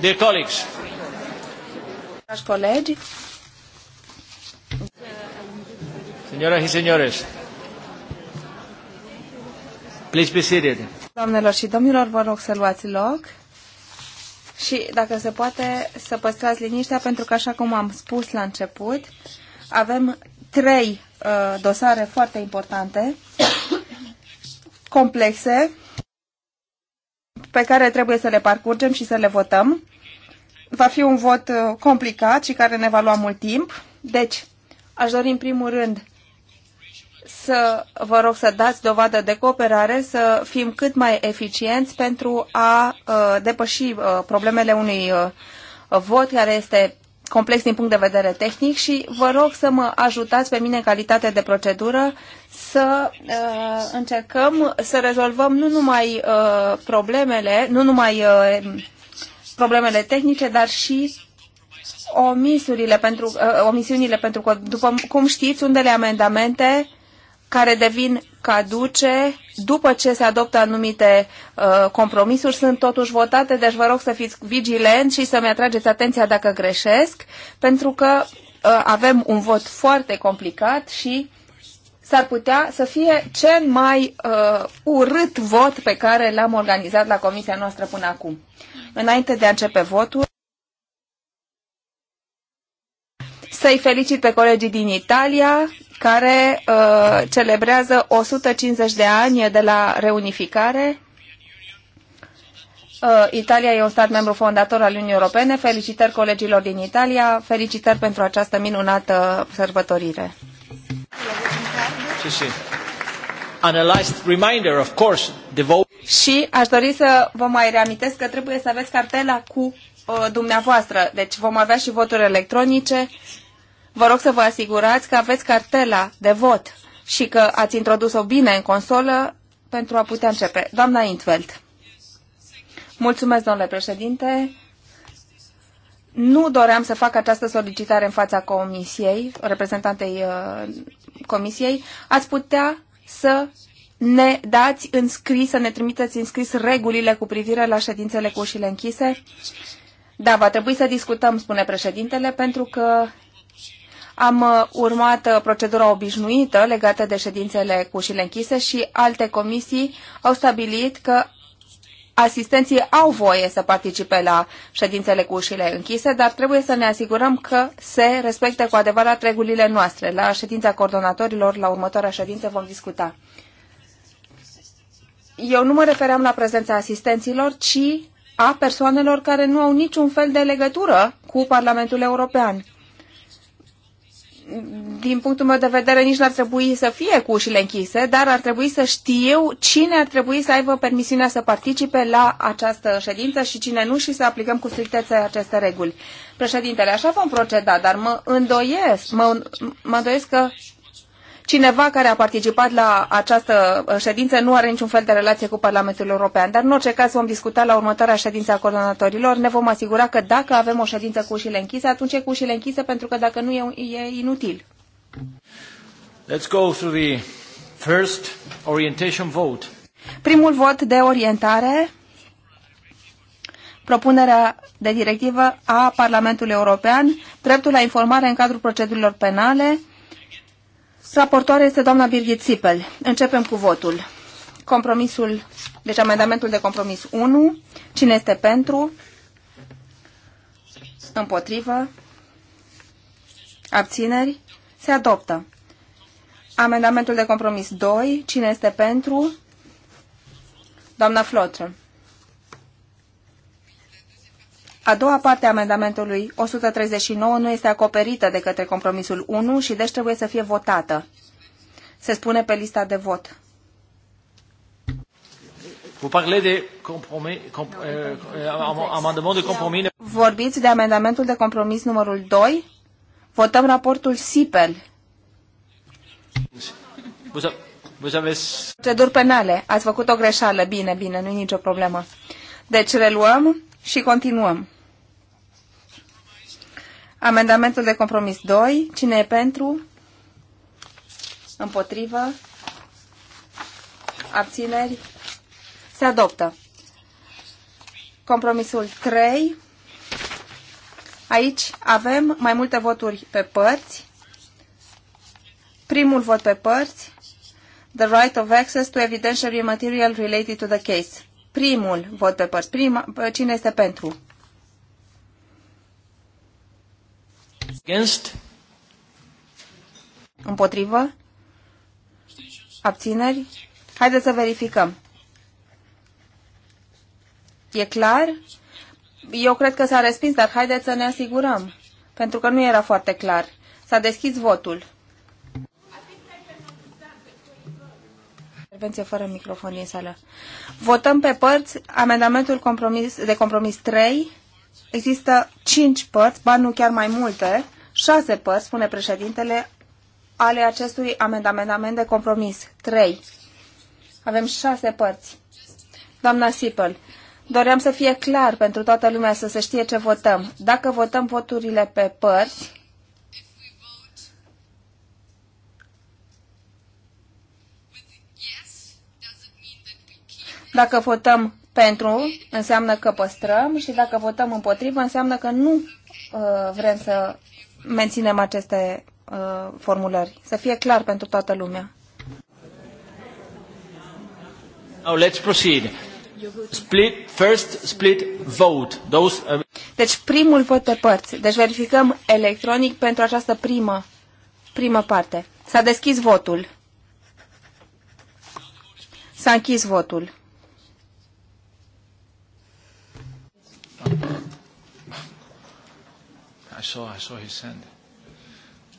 Dear colleagues. colegi. Señoras y señores. Please be seated. Doamnelor și domnilor, vă rog să luați loc. Și, dacă se poate, să păstrați liniștea, pentru că, așa cum am spus la început, avem trei uh, dosare foarte importante, complexe, pe care trebuie să le parcurgem și să le votăm. Va fi un vot uh, complicat și care ne va lua mult timp. Deci, aș dori în primul rând să vă rog să dați dovadă de cooperare, să fim cât mai eficienți pentru a uh, depăși uh, problemele unui uh, vot care este complex din punct de vedere tehnic și vă rog să mă ajutați pe mine în calitate de procedură să uh, încercăm să rezolvăm nu numai uh, problemele, nu numai uh, problemele tehnice, dar și omisurile pentru, uh, omisiunile, pentru că, după cum știți, unele amendamente care devin caduce după ce se adoptă anumite uh, compromisuri sunt totuși votate, deci vă rog să fiți vigilenți și să-mi atrageți atenția dacă greșesc, pentru că uh, avem un vot foarte complicat și s-ar putea să fie cel mai uh, urât vot pe care l-am organizat la comisia noastră până acum înainte de a începe votul, să-i felicit pe colegii din Italia care uh, celebrează 150 de ani de la reunificare. Uh, Italia e un stat membru fondator al Uniunii Europene. Felicitări colegilor din Italia, felicitări pentru această minunată sărbătorire. Sí, sí. Și aș dori să vă mai reamintesc că trebuie să aveți cartela cu uh, dumneavoastră. Deci vom avea și voturi electronice. Vă rog să vă asigurați că aveți cartela de vot și că ați introdus-o bine în consolă pentru a putea începe. Doamna Intveld. Mulțumesc, domnule președinte. Nu doream să fac această solicitare în fața comisiei, reprezentantei uh, comisiei. Ați putea să ne dați în scris, să ne trimiteți în scris regulile cu privire la ședințele cu ușile închise? Da, va trebui să discutăm, spune președintele, pentru că am uh, urmat uh, procedura obișnuită legată de ședințele cu ușile închise și alte comisii au stabilit că asistenții au voie să participe la ședințele cu ușile închise, dar trebuie să ne asigurăm că se respectă cu adevărat regulile noastre. La ședința coordonatorilor, la următoarea ședință, vom discuta. Eu nu mă refeream la prezența asistenților, ci a persoanelor care nu au niciun fel de legătură cu Parlamentul European din punctul meu de vedere, nici n-ar trebui să fie cu ușile închise, dar ar trebui să știu cine ar trebui să aibă permisiunea să participe la această ședință și cine nu și să aplicăm cu strictețe aceste reguli. Președintele, așa vom proceda, dar mă îndoiesc, mă, mă îndoiesc că cineva care a participat la această uh, ședință nu are niciun fel de relație cu Parlamentul European. Dar în orice caz vom discuta la următoarea ședință a coordonatorilor. Ne vom asigura că dacă avem o ședință cu ușile închise, atunci e cu ușile închise pentru că dacă nu e, e inutil. Let's go through the first orientation vote. Primul vot de orientare propunerea de directivă a Parlamentului European, dreptul la informare în cadrul procedurilor penale Raportoare este doamna Birgit Sipel. Începem cu votul. Compromisul, deci amendamentul de compromis 1. Cine este pentru? Împotrivă? Abțineri? Se adoptă. Amendamentul de compromis 2. Cine este pentru? Doamna Flotră. A doua parte a amendamentului 139 nu este acoperită de către compromisul 1 și deci trebuie să fie votată. Se spune pe lista de vot. Euh, euh, de Vorbiți de amendamentul de compromis numărul 2. Votăm raportul SIPEL. Proceduri penale. Ați făcut o greșeală. Bine, bine, nu e nicio problemă. Deci reluăm și continuăm. Amendamentul de compromis 2. Cine e pentru? Împotrivă? Abțineri? Se adoptă. Compromisul 3. Aici avem mai multe voturi pe părți. Primul vot pe părți. The right of access to evidentiary material related to the case. Primul vot pe părți. Prima, cine este pentru? Against? Împotrivă? Abțineri? Haideți să verificăm. E clar? Eu cred că s-a respins, dar haideți să ne asigurăm. Pentru că nu era foarte clar. S-a deschis votul. Intervenție fără microfon din sală. Votăm pe părți amendamentul compromis, de compromis 3. Există 5 părți, ba nu chiar mai multe șase părți, spune președintele, ale acestui amendament, amendament de compromis. Trei. Avem șase părți. Doamna Sipel, doream să fie clar pentru toată lumea să se știe ce votăm. Dacă votăm voturile pe părți, Dacă votăm pentru, înseamnă că păstrăm și dacă votăm împotrivă, înseamnă că nu uh, vrem să menținem aceste uh, formulări. Să fie clar pentru toată lumea. Now let's proceed. Split, first split vote. Those... Uh, deci primul vot pe părți. Deci verificăm electronic pentru această primă, primă parte. S-a deschis votul. S-a închis votul. I saw, I saw his hand.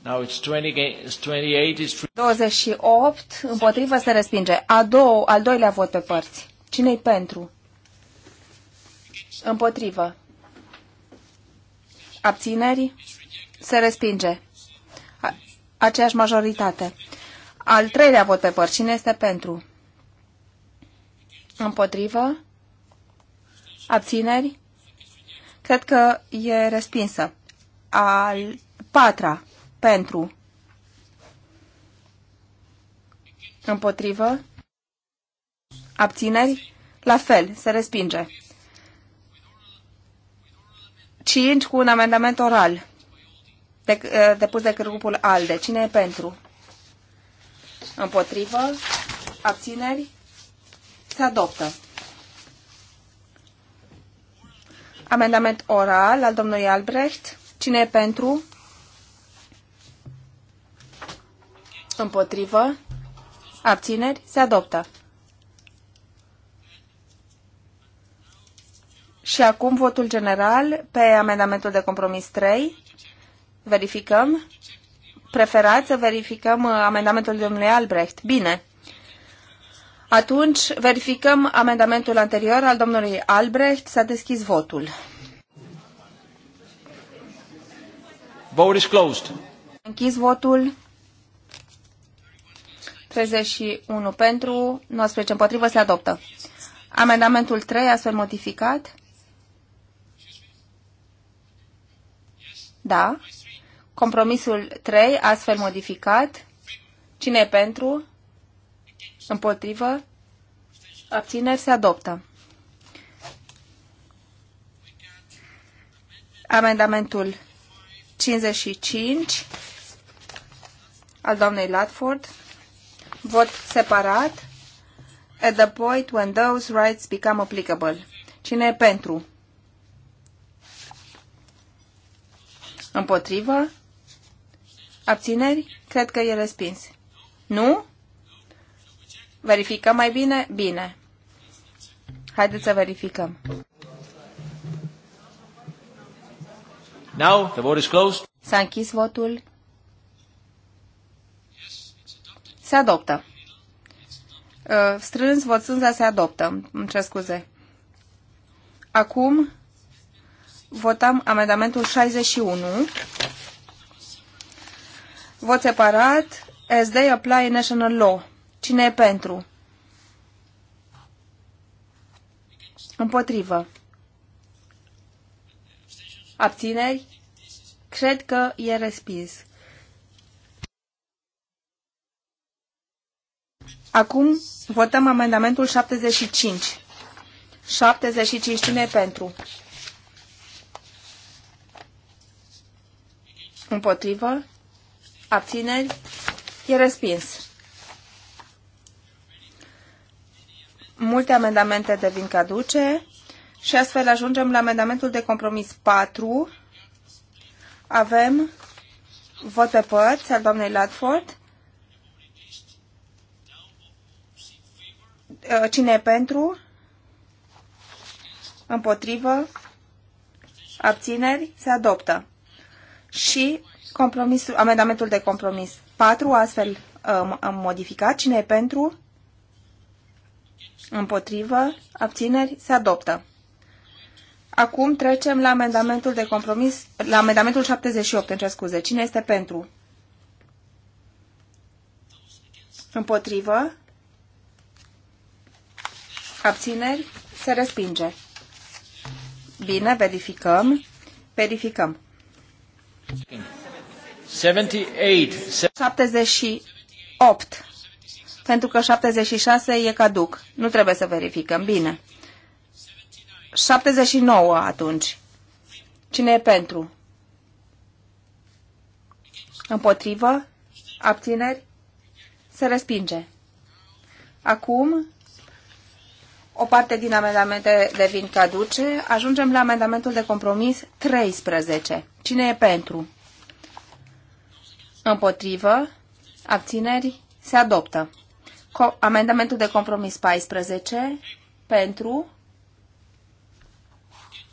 Now it's 20, it's 28, it's... 28 se respinge. A dou al doilea vot pe părți. Cine-i pentru? Împotrivă. Abțineri? Se respinge. A, aceeași majoritate. Al treilea vot pe părți. Cine este pentru? Împotrivă? Abțineri? Cred că e respinsă al patra pentru împotrivă abțineri la fel, se respinge. 5 cu un amendament oral eh, depus de grupul ALDE. Cine e pentru? Împotrivă? Abțineri? Se adoptă. Amendament oral al domnului Albrecht. Cine e pentru? Împotrivă. Abțineri. Se adoptă. Și acum votul general pe amendamentul de compromis 3. Verificăm. Preferați să verificăm uh, amendamentul domnului Albrecht. Bine. Atunci verificăm amendamentul anterior al domnului Albrecht. S-a deschis votul. Vote is closed. Închis votul. 31 pentru, 19 împotrivă, se adoptă. Amendamentul 3, astfel modificat. Da. Compromisul 3, astfel modificat. Cine e pentru? Împotrivă? Abțineri se adoptă. Amendamentul 55 al doamnei Latford, vot separat, at the point when those rights become applicable. Cine e pentru? Împotrivă? Abțineri? Cred că e respins. Nu? Verificăm mai bine? Bine. Haideți să verificăm. Now the vote is closed. S-a închis votul. Se adoptă. Uh, strâns, vot sânza se adoptă. Îmi cer scuze. Acum votăm amendamentul 61. Vot separat. SD apply national law. Cine e pentru? Împotrivă. Abțineri? Cred că e respins. Acum votăm amendamentul 75. 75 cine pentru? Împotrivă? Abțineri? E respins. Multe amendamente devin caduce. Și astfel ajungem la amendamentul de compromis 4. Avem vot pe părți al doamnei Latford. Uh, cine e pentru? Împotrivă? Abțineri? Se adoptă. Și compromisul, amendamentul de compromis 4, astfel um, am modificat. Cine e pentru? Împotrivă? Abțineri? Se adoptă. Acum trecem la amendamentul de compromis, la amendamentul 78, ce scuze. Cine este pentru? Împotrivă? Abțineri? Se respinge. Bine, verificăm. Verificăm. 78. 78. Pentru că 76 e caduc. Nu trebuie să verificăm. Bine. 79 atunci. Cine e pentru? Împotrivă? Abțineri? Se respinge. Acum, o parte din amendamente devin caduce. Ajungem la amendamentul de compromis 13. Cine e pentru? Împotrivă? Abțineri? Se adoptă. Co amendamentul de compromis 14. Pentru?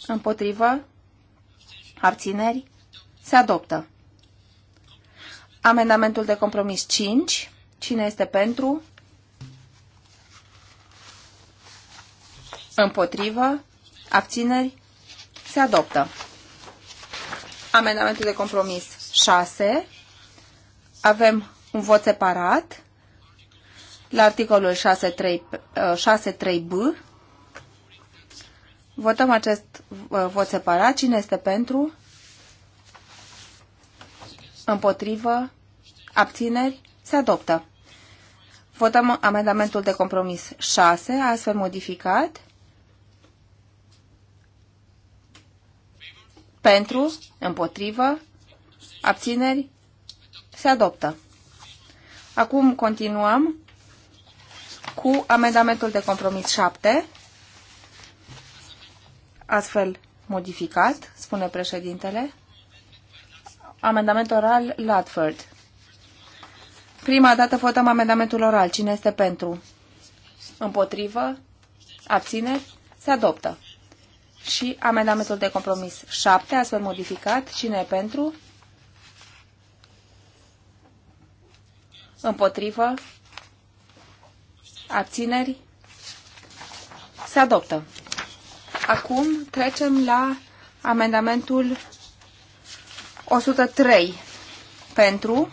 Împotrivă? Abțineri? Se adoptă. Amendamentul de compromis 5. Cine este pentru? Împotrivă? Abțineri? Se adoptă. Amendamentul de compromis 6. Avem un vot separat la articolul 6.3b Votăm acest uh, vot separat. Cine este pentru? Împotrivă? Abțineri? Se adoptă. Votăm amendamentul de compromis 6, astfel modificat. Pentru, împotrivă, abțineri, se adoptă. Acum continuăm cu amendamentul de compromis 7 astfel modificat, spune președintele. Amendament oral Latford. Prima dată votăm amendamentul oral. Cine este pentru? Împotrivă? Abțineri? Se adoptă. Și amendamentul de compromis 7, astfel modificat. Cine e pentru? Împotrivă? Abțineri? Se adoptă. Acum trecem la amendamentul 103 pentru,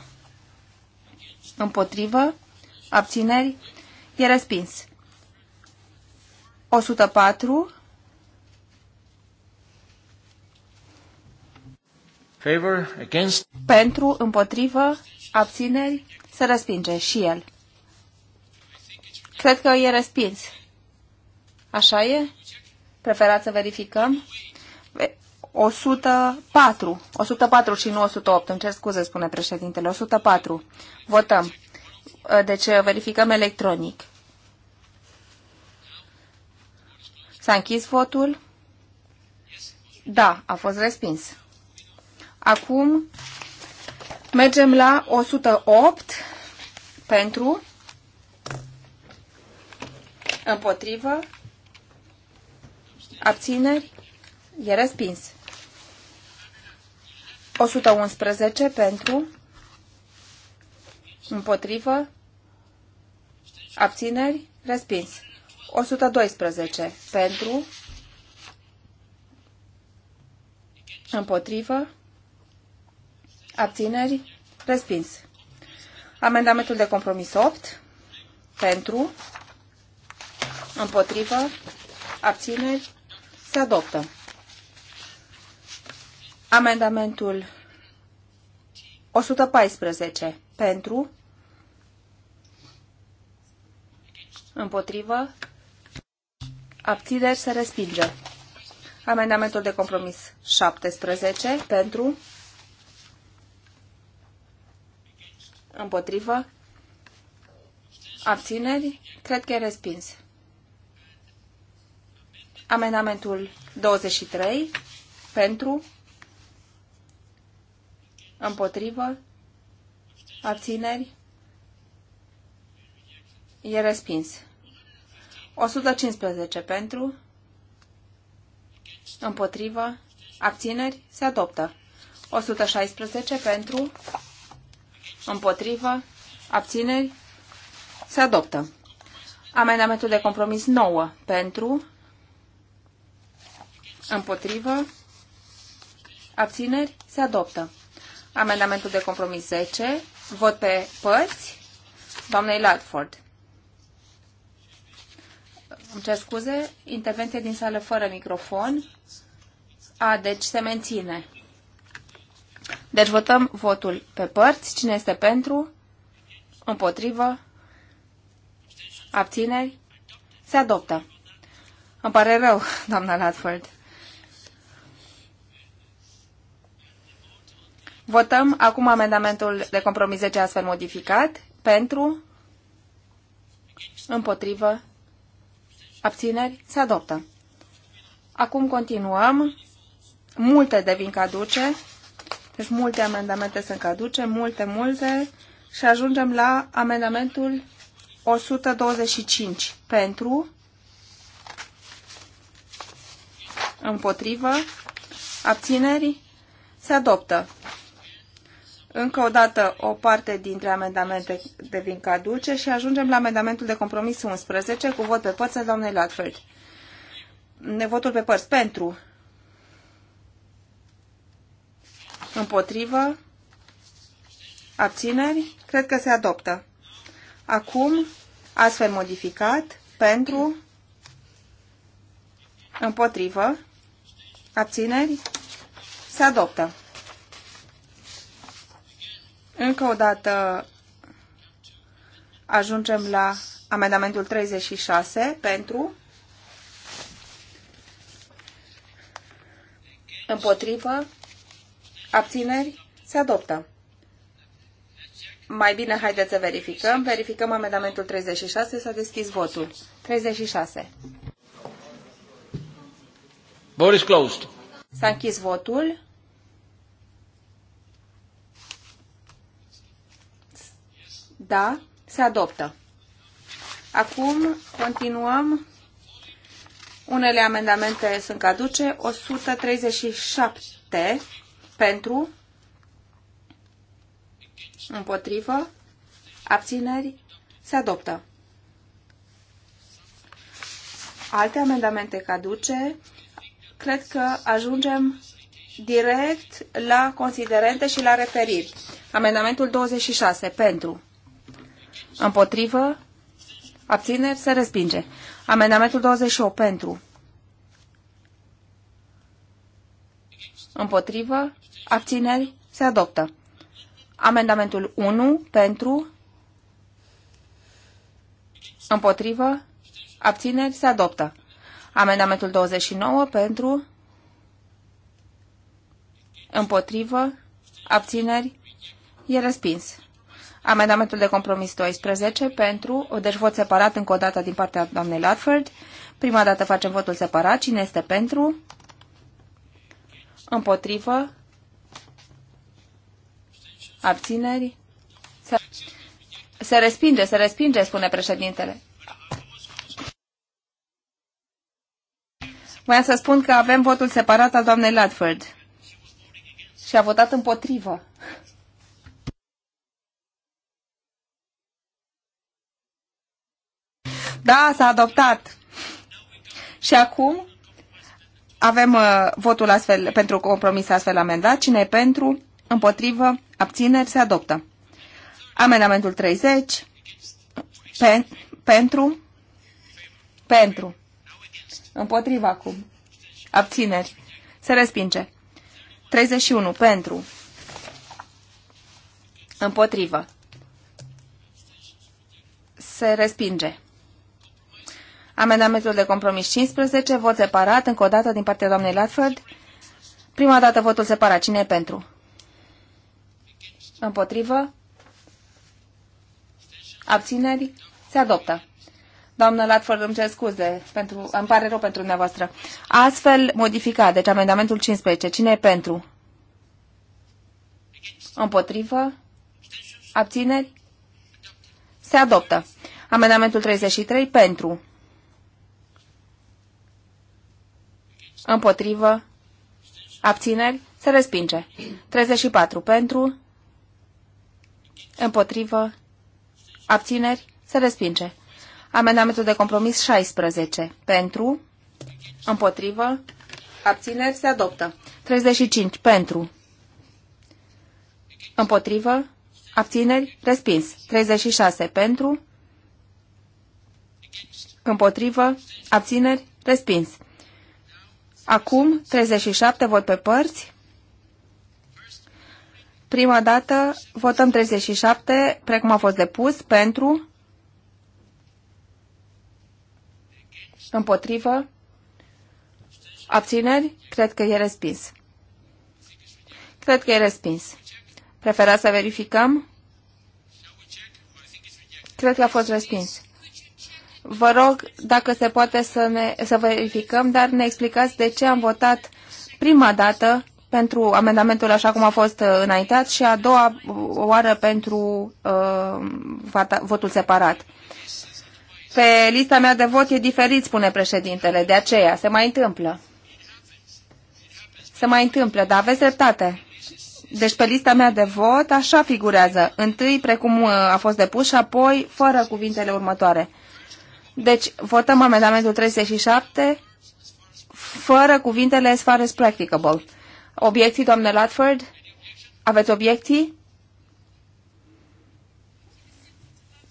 împotrivă, abțineri, e respins. 104 Favor, against. Pentru, împotrivă, abțineri, se respinge și el. Cred că e respins. Așa e? Preferați să verificăm? 104. 104 și nu 108. Îmi cer scuze, spune președintele. 104. Votăm. Deci verificăm electronic. S-a închis votul? Da, a fost respins. Acum mergem la 108 pentru împotrivă Abțineri? E respins. 111 pentru, împotrivă, abțineri, respins. 112 pentru, împotrivă, abțineri, respins. Amendamentul de compromis 8 pentru, împotrivă, abțineri, se adoptă. Amendamentul 114 pentru, împotrivă, abțineri se respinge. Amendamentul de compromis 17 pentru, împotrivă, abțineri, cred că e respins. Amendamentul 23 pentru, împotrivă, abțineri, e respins. 115 pentru, împotrivă, abțineri, se adoptă. 116 pentru, împotrivă, abțineri, se adoptă. Amendamentul de compromis 9 pentru, Împotrivă. Abțineri. Se adoptă. Amendamentul de compromis 10. Vot pe părți. Doamnei Latford. Îmi cer scuze. Intervenție din sală fără microfon. A, deci se menține. Deci votăm votul pe părți. Cine este pentru? Împotrivă? Abțineri? Se adoptă. Îmi pare rău, doamna Latford. Votăm acum amendamentul de compromis 10 astfel modificat. Pentru, împotrivă, abțineri, se adoptă. Acum continuăm. Multe devin caduce. Deci multe amendamente sunt caduce, multe, multe. Și ajungem la amendamentul 125 pentru, împotrivă, abțineri, se adoptă. Încă o dată, o parte dintre amendamente devin caduce și ajungem la amendamentul de compromis 11 cu vot pe părți al doamnei Latford. Votul pe părți pentru, împotrivă, abțineri, cred că se adoptă. Acum, astfel modificat, pentru, împotrivă, abțineri, se adoptă. Încă o dată ajungem la amendamentul 36 pentru împotrivă abțineri se adoptă. Mai bine haideți să verificăm. Verificăm amendamentul 36. S-a deschis votul. 36. Boris closed. S-a închis votul. Da, se adoptă. Acum continuăm. Unele amendamente sunt caduce. 137 pentru, împotrivă, abțineri, se adoptă. Alte amendamente caduce, cred că ajungem direct la considerente și la referiri. Amendamentul 26 pentru Împotrivă. Abțineri. Se respinge. Amendamentul 28. Pentru. Împotrivă. Abțineri. Se adoptă. Amendamentul 1. Pentru. Împotrivă. Abțineri. Se adoptă. Amendamentul 29. Pentru. Împotrivă. Abțineri. E respins. Amendamentul de compromis 12 pentru, deci vot separat încă o dată din partea doamnei Latford. Prima dată facem votul separat. Cine este pentru? Împotrivă? Abțineri? Se, se respinge, se respinge, spune președintele. Vreau să spun că avem votul separat al doamnei Latford. Și a votat împotrivă. Da, s-a adoptat. Și acum avem uh, votul astfel pentru compromis astfel amendat. Cine e pentru? Împotrivă? Abțineri? Se adoptă. Amendamentul 30. Pen, pentru? Pentru. Împotrivă acum. Abțineri. Se respinge. 31. Pentru. Împotrivă. Se respinge. Amendamentul de compromis 15, vot separat, încă o dată, din partea doamnei Latford. Prima dată votul separat. Cine e pentru? Împotrivă? Abțineri? Se adoptă. Doamnă Latford, îmi cer scuze, pentru, îmi pare rău pentru dumneavoastră. Astfel modificat, deci amendamentul 15. Cine e pentru? Împotrivă? Abțineri? Se adoptă. Amendamentul 33 pentru. Împotrivă. Abțineri. Se respinge. 34 pentru. Împotrivă. Abțineri. Se respinge. Amendamentul de compromis 16. Pentru. Împotrivă. Abțineri. Se adoptă. 35 pentru. Împotrivă. Abțineri. Respins. 36 pentru. Împotrivă. Abțineri. Respins. Acum, 37 vot pe părți. Prima dată votăm 37, precum a fost depus, pentru, împotrivă, abțineri, cred că e respins. Cred că e respins. Preferați să verificăm? Cred că a fost respins. Vă rog, dacă se poate să, ne, să verificăm, dar ne explicați de ce am votat prima dată pentru amendamentul așa cum a fost uh, înaintat și a doua oară pentru uh, votul separat. Pe lista mea de vot e diferit, spune președintele, de aceea se mai întâmplă. Se mai întâmplă, dar aveți dreptate. Deci pe lista mea de vot așa figurează, întâi precum uh, a fost depus și apoi fără cuvintele următoare. Deci, votăm amendamentul 37 fără cuvintele as far as practicable. Obiecții, doamne Latford? Aveți obiecții?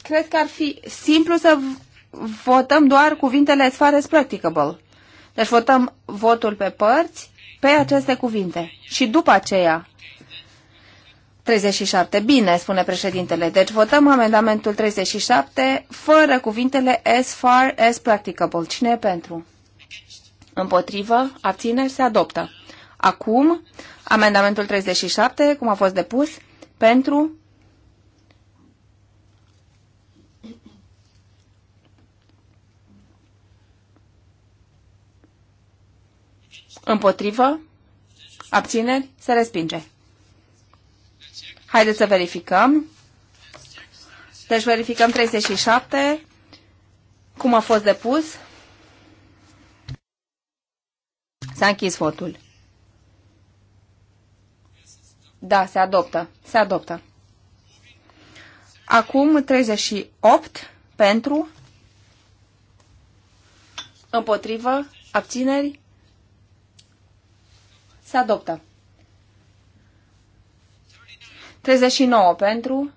Cred că ar fi simplu să votăm doar cuvintele as far as practicable. Deci votăm votul pe părți pe aceste cuvinte. Și după aceea 37. Bine, spune președintele. Deci votăm amendamentul 37 fără cuvintele as far as practicable. Cine e pentru? Împotrivă? Abțineri? Se adoptă. Acum, amendamentul 37, cum a fost depus, pentru... Împotrivă? Abțineri? Se respinge. Haideți să verificăm. Deci verificăm 37. Cum a fost depus? S-a închis votul. Da, se adoptă. Se adoptă. Acum 38 pentru, împotrivă, abțineri, se adoptă. 39 pentru,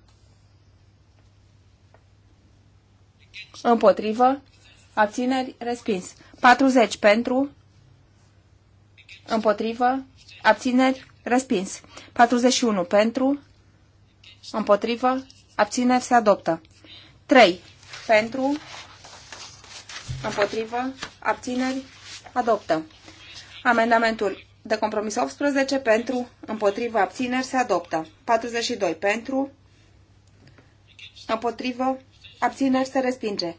împotrivă, abțineri, respins. 40 pentru, împotrivă, abțineri, respins. 41 pentru, împotrivă, abțineri, se adoptă. 3 pentru, împotrivă, abțineri, adoptă. Amendamentul de compromis 18 pentru, împotrivă, abțineri se adoptă. 42 pentru, împotrivă, abțineri se respinge.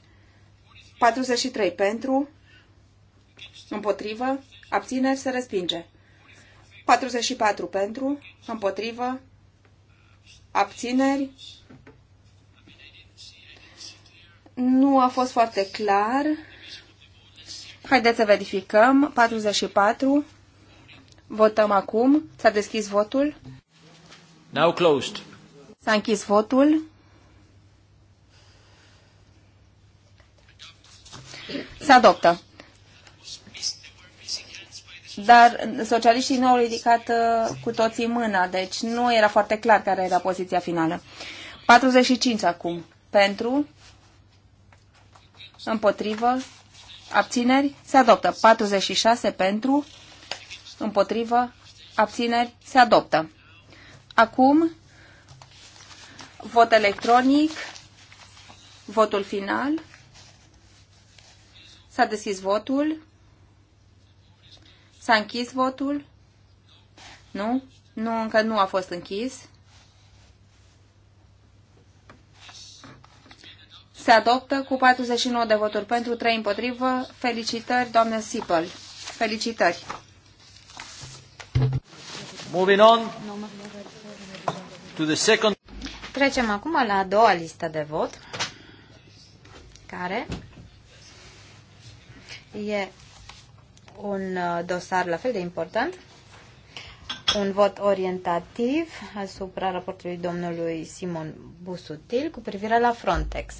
43 pentru, împotrivă, abțineri se respinge. 44 pentru, împotrivă, abțineri. Nu a fost foarte clar. Haideți să verificăm. 44. Votăm acum. S-a deschis votul. Now closed. S-a închis votul. Se adoptă. Dar socialiștii nu au ridicat uh, cu toții mâna, deci nu era foarte clar care era poziția finală. 45 acum. Pentru, împotrivă, abțineri, se adoptă. 46 pentru, Împotrivă. Abțineri. Se adoptă. Acum, vot electronic, votul final. S-a deschis votul. S-a închis votul. Nu? Nu, încă nu a fost închis. Se adoptă cu 49 de voturi pentru, 3 împotrivă. Felicitări, doamnă Sipăl. Felicitări. Moving on to the second... Trecem acum la a doua listă de vot, care e un uh, dosar la fel de important, un vot orientativ asupra raportului domnului Simon Busutil cu privire la Frontex.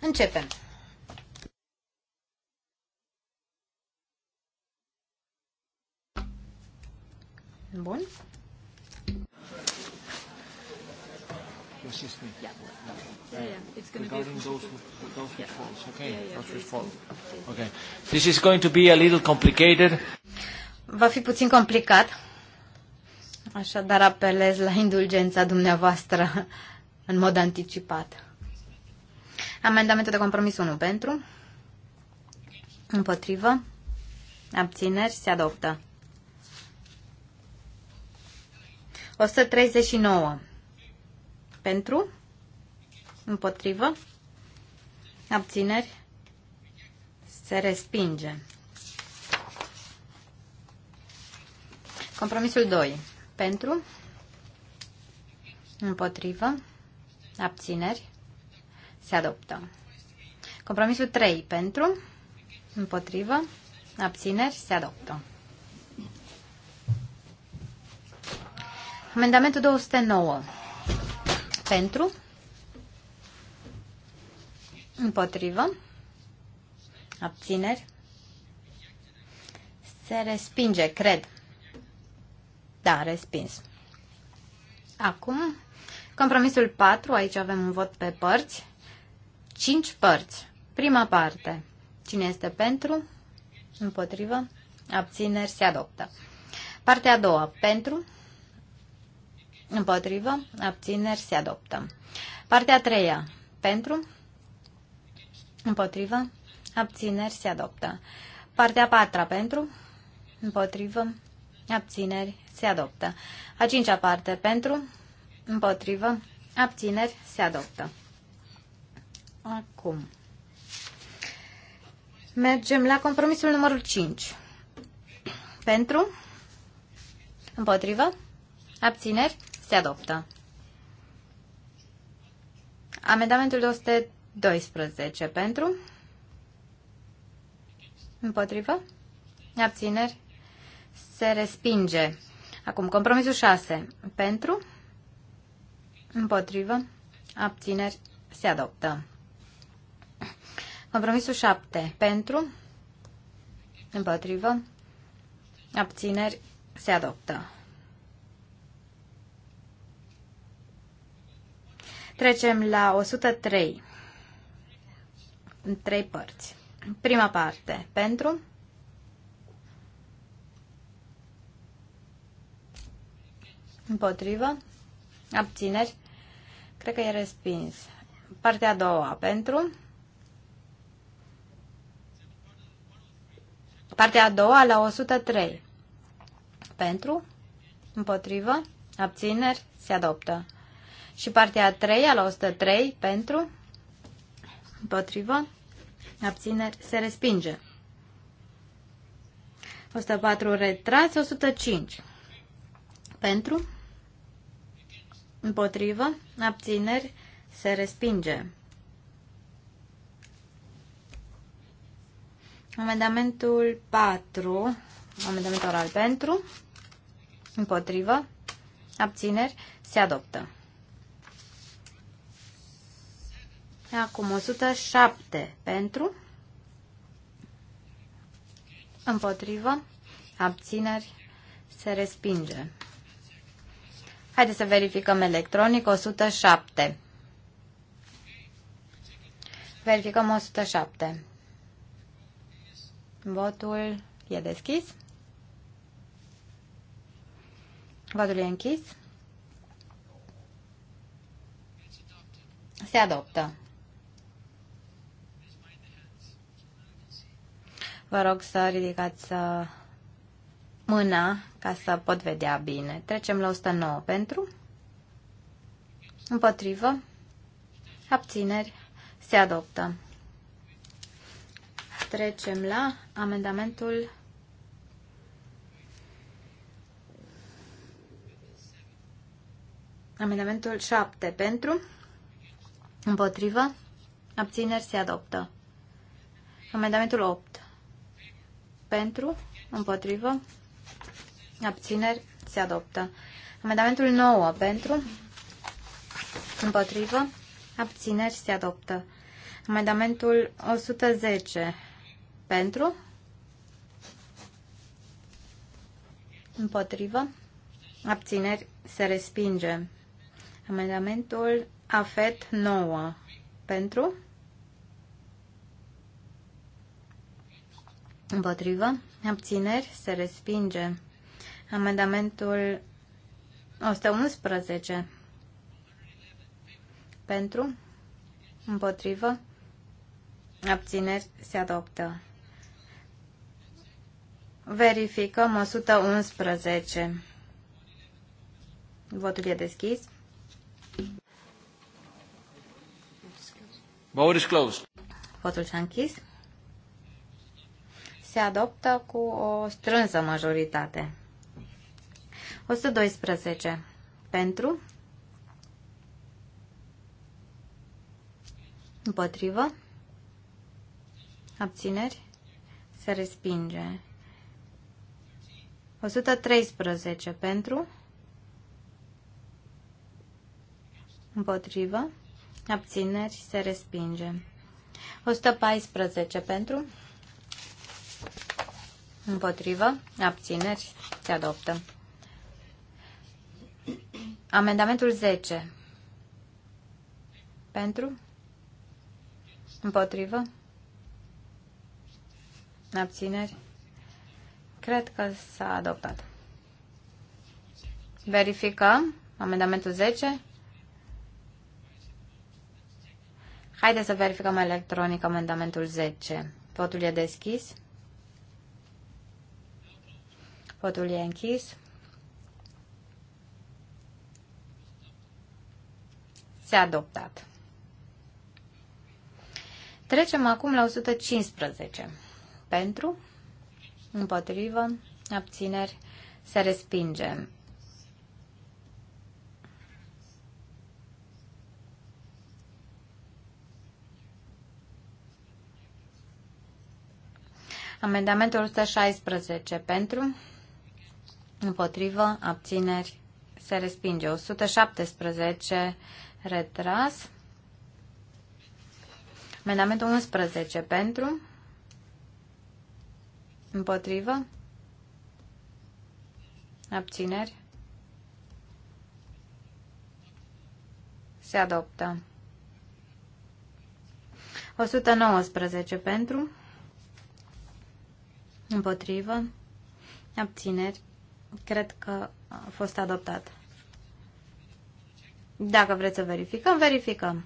Începem. Bun. This is going to be a little complicated. Va fi puțin complicat. Așadar apelez la indulgența dumneavoastră în mod anticipat. Amendamentul de compromis 1 pentru. Împotrivă. Abțineri. Se adoptă. 139. Pentru? Împotrivă? Abțineri? Se respinge. Compromisul 2. Pentru? Împotrivă? Abțineri? Se adoptă. Compromisul 3. Pentru? Împotrivă? Abțineri? Se adoptă. Amendamentul 209. Pentru. Împotrivă. Abțineri. Se respinge, cred. Da, respins. Acum, compromisul 4, aici avem un vot pe părți. 5 părți. Prima parte. Cine este pentru? Împotrivă. Abțineri se adoptă. Partea a doua. Pentru? Împotrivă. Abțineri. Se adoptă. Partea a treia. Pentru. Împotrivă. Abțineri. Se adoptă. Partea a patra. Pentru. Împotrivă. Abțineri. Se adoptă. A cincea parte. Pentru. Împotrivă. Abțineri. Se adoptă. Acum. Mergem la compromisul numărul 5. Pentru? Împotrivă? Abțineri? Se adoptă. Amendamentul 212 pentru? Împotrivă? Abțineri? Se respinge. Acum, compromisul 6. Pentru? Împotrivă? Abțineri? Se adoptă. Compromisul 7. Pentru? Împotrivă? Abțineri? Se adoptă. Trecem la 103. În trei părți. Prima parte. Pentru. Împotrivă. Abțineri. Cred că e respins. Partea a doua. Pentru. Partea a doua la 103. Pentru. Împotrivă. Abțineri. Se adoptă. Și partea a treia, la 103, pentru, împotrivă, abțineri, se respinge. 104 retras, 105. Pentru, împotrivă, abțineri, se respinge. Amendamentul 4, amendament oral pentru, împotrivă, abțineri, se adoptă. Acum 107 pentru, împotrivă, abțineri, se respinge. Haideți să verificăm electronic 107. Verificăm 107. Votul e deschis. Votul e închis. Se adoptă. Vă rog să ridicați uh, mâna ca să pot vedea bine. Trecem la 109 pentru. Împotrivă. Abțineri. Se adoptă. Trecem la amendamentul 7. Amendamentul 7 pentru. Împotrivă. Abțineri se adoptă. Amendamentul 8 pentru, împotrivă, abțineri, se adoptă. Amendamentul 9 pentru, împotrivă, abțineri, se adoptă. Amendamentul 110 pentru, împotrivă, abțineri, se respinge. Amendamentul AFET 9 pentru, Împotrivă. Abțineri. Se respinge. Amendamentul 111. Pentru. Împotrivă. Abțineri. Se adoptă. Verificăm 111. Votul e deschis. Vote is closed. Votul s-a închis se adoptă cu o strânsă majoritate. 112 pentru, împotrivă, abțineri, se respinge. 113 pentru, împotrivă, abțineri, se respinge. 114 pentru, Împotrivă. Abțineri. Se adoptă. Amendamentul 10. Pentru. Împotrivă. Abțineri. Cred că s-a adoptat. Verificăm. Amendamentul 10. Haideți să verificăm electronic amendamentul 10. Votul e deschis. Votul e închis. Se adoptat. Trecem acum la 115. Pentru, împotrivă, abțineri, se respinge. Amendamentul 116 pentru, împotrivă, abțineri, se respinge. 117 retras. Amendamentul 11 pentru, împotrivă, abțineri, se adoptă. 119 pentru, împotrivă, abțineri, Cred că a fost adoptat. Dacă vreți să verificăm, verificăm.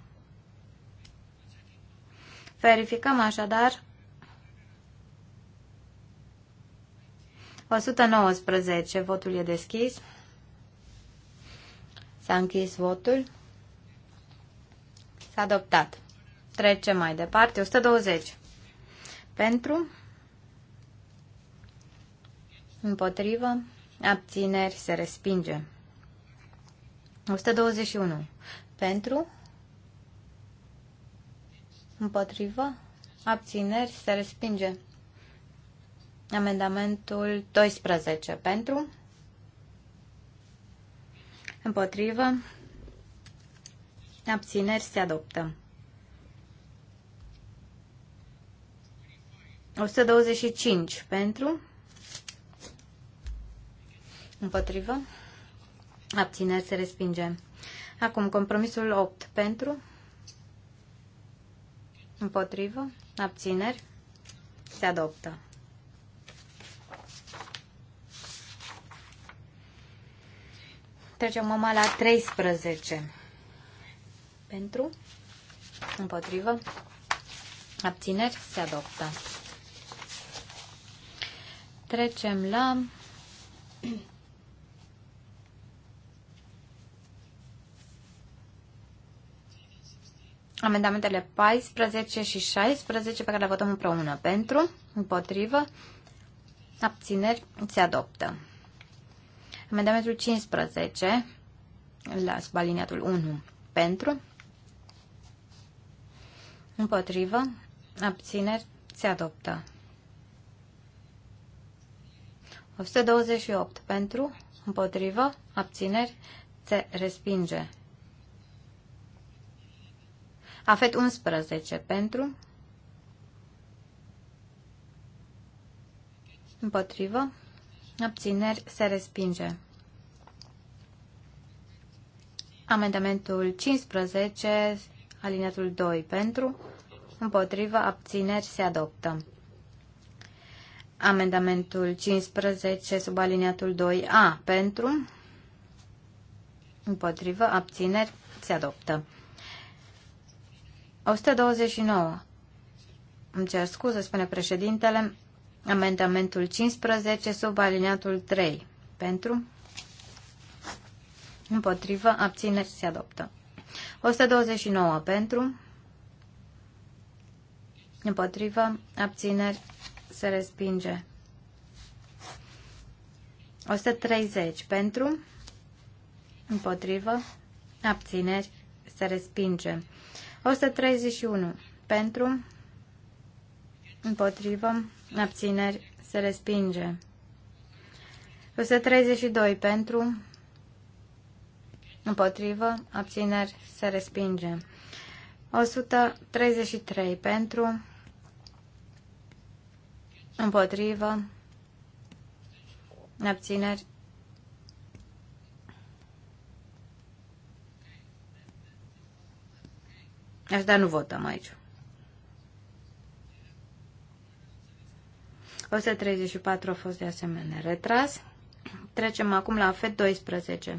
Verificăm așadar 119. Votul e deschis. S-a închis votul. S-a adoptat. Trecem mai departe. 120. Pentru. Împotrivă abțineri, se respinge. 121. Pentru, împotrivă, abțineri, se respinge. Amendamentul 12. Pentru, împotrivă, abțineri, se adoptă. 125 pentru, Împotrivă. Abțineri se respinge. Acum, compromisul 8 pentru. Împotrivă. Abțineri se adoptă. Trecem mama la 13. Pentru. Împotrivă. Abțineri se adoptă. Trecem la Amendamentele 14 și 16 pe care le votăm împreună. Pentru, împotrivă, abțineri, se adoptă. Amendamentul 15 la subaliniatul 1. Pentru, împotrivă, abțineri, se adoptă. 128 pentru, împotrivă, abțineri, se respinge. Afet 11 pentru. Împotrivă. Abțineri se respinge. Amendamentul 15, alineatul 2 pentru. Împotrivă. Abțineri se adoptă. Amendamentul 15, sub alineatul 2A pentru. Împotrivă. Abțineri se adoptă. 129. Îmi cer scuze, spune președintele, amendamentul 15 sub alineatul 3. Pentru? Împotrivă, abțineri se adoptă. 129 pentru, împotrivă, abțineri se respinge. 130 pentru, împotrivă, abțineri se respinge. 131 pentru, împotrivă, abțineri, se respinge. 132 pentru, împotrivă, abțineri, se respinge. 133 pentru, împotrivă, abțineri, da nu votăm aici. 134 a fost de asemenea retras. Trecem acum la FET 12.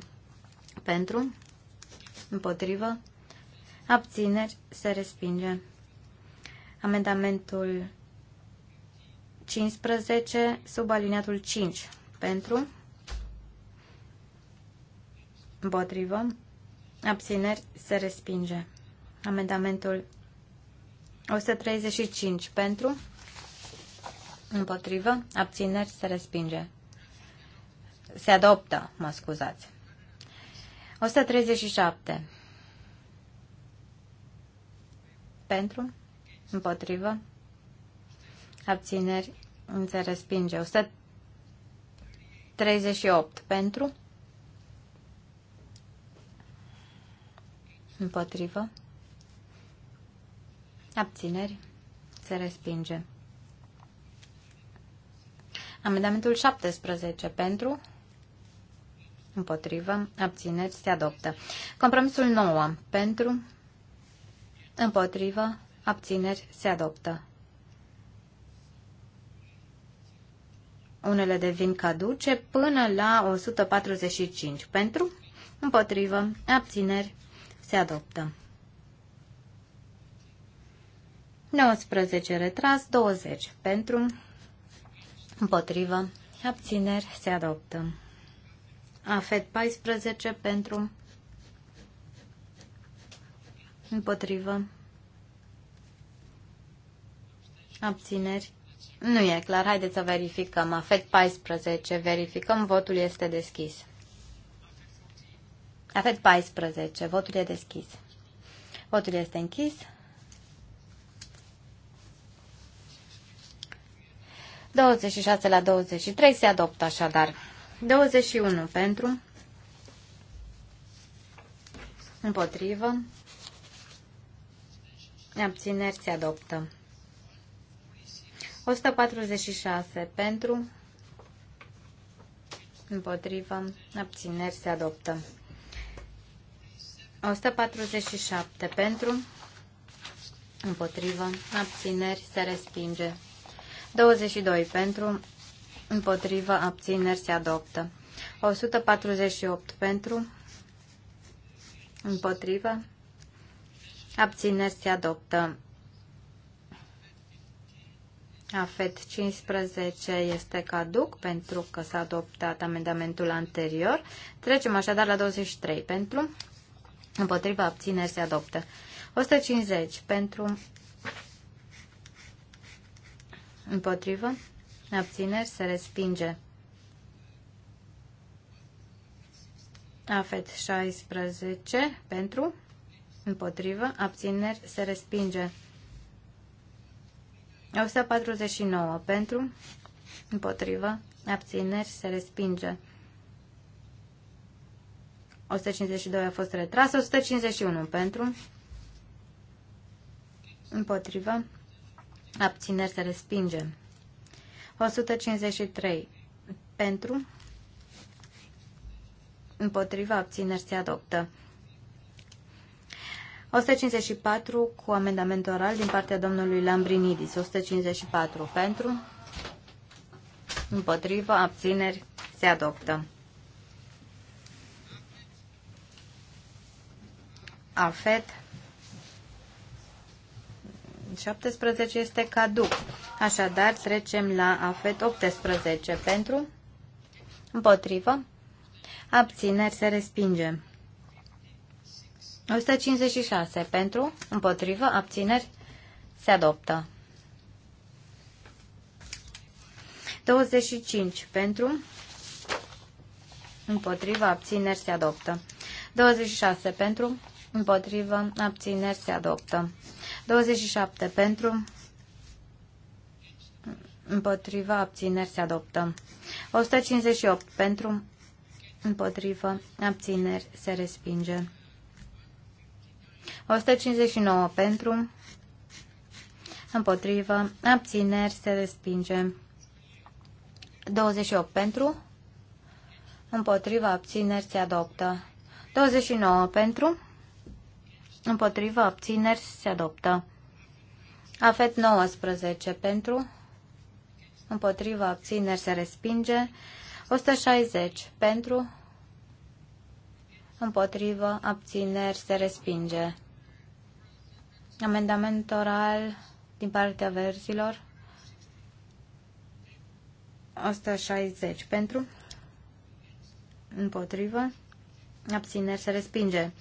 Pentru, împotrivă, abțineri, se respinge. Amendamentul 15, sub aliniatul 5. Pentru, împotrivă, abțineri, se respinge. Amendamentul 135 pentru, împotrivă, abțineri se respinge. Se adoptă, mă scuzați. 137 pentru, împotrivă, abțineri se respinge. 138 pentru, împotrivă, Abțineri. Se respinge. Amendamentul 17 pentru. Împotrivă. Abțineri. Se adoptă. Compromisul 9 pentru. Împotrivă. Abțineri. Se adoptă. Unele devin caduce până la 145 pentru. Împotrivă. Abțineri. Se adoptă. 19 retras, 20 pentru, împotrivă, abțineri se adoptă. Afet 14 pentru, împotrivă, abțineri. Nu e clar, haideți să verificăm. Afet 14, verificăm, votul este deschis. Afet 14, votul e deschis. Votul este închis. 26 la 23 se adoptă așadar. 21 pentru. Împotrivă. Abțineri se adoptă. 146 pentru. Împotrivă. Abțineri se adoptă. 147 pentru. Împotrivă. Abțineri se respinge. 22 pentru, împotrivă, abțineri se adoptă. 148 pentru, împotrivă, abțineri se adoptă. AFET 15 este caduc pentru că s-a adoptat amendamentul anterior. Trecem așadar la 23 pentru, împotriva abțineri se adoptă. 150 pentru, Împotrivă. Abțineri se respinge. Afet 16 pentru. Împotrivă. Abțineri se respinge. 149 pentru. Împotrivă. Abțineri se respinge. 152 a fost retras. 151 pentru. Împotrivă abțineri se respinge. 153 pentru, împotriva abțineri se adoptă. 154 cu amendament oral din partea domnului Lambrinidis. 154 pentru, împotriva abțineri se adoptă. AFET 17 este caduc. Așadar, trecem la AFET 18 pentru, împotrivă, abțineri se respinge. 156 pentru, împotrivă, abțineri se adoptă. 25 pentru, împotrivă, abțineri se adoptă. 26 pentru, împotrivă, abțineri se adoptă. 27 pentru, împotriva, abțineri se adoptă. 158 pentru, împotriva, abțineri se respinge. 159 pentru, împotriva abțineri se respinge. 28 pentru, împotriva abțineri se adoptă. 29 pentru, Împotrivă abțineri se adoptă. Afet 19 pentru. Împotrivă abțineri se respinge. 160 pentru. Împotrivă abțineri se respinge. Amendament oral din partea verzilor. 160 pentru. Împotrivă. Abțineri se respinge.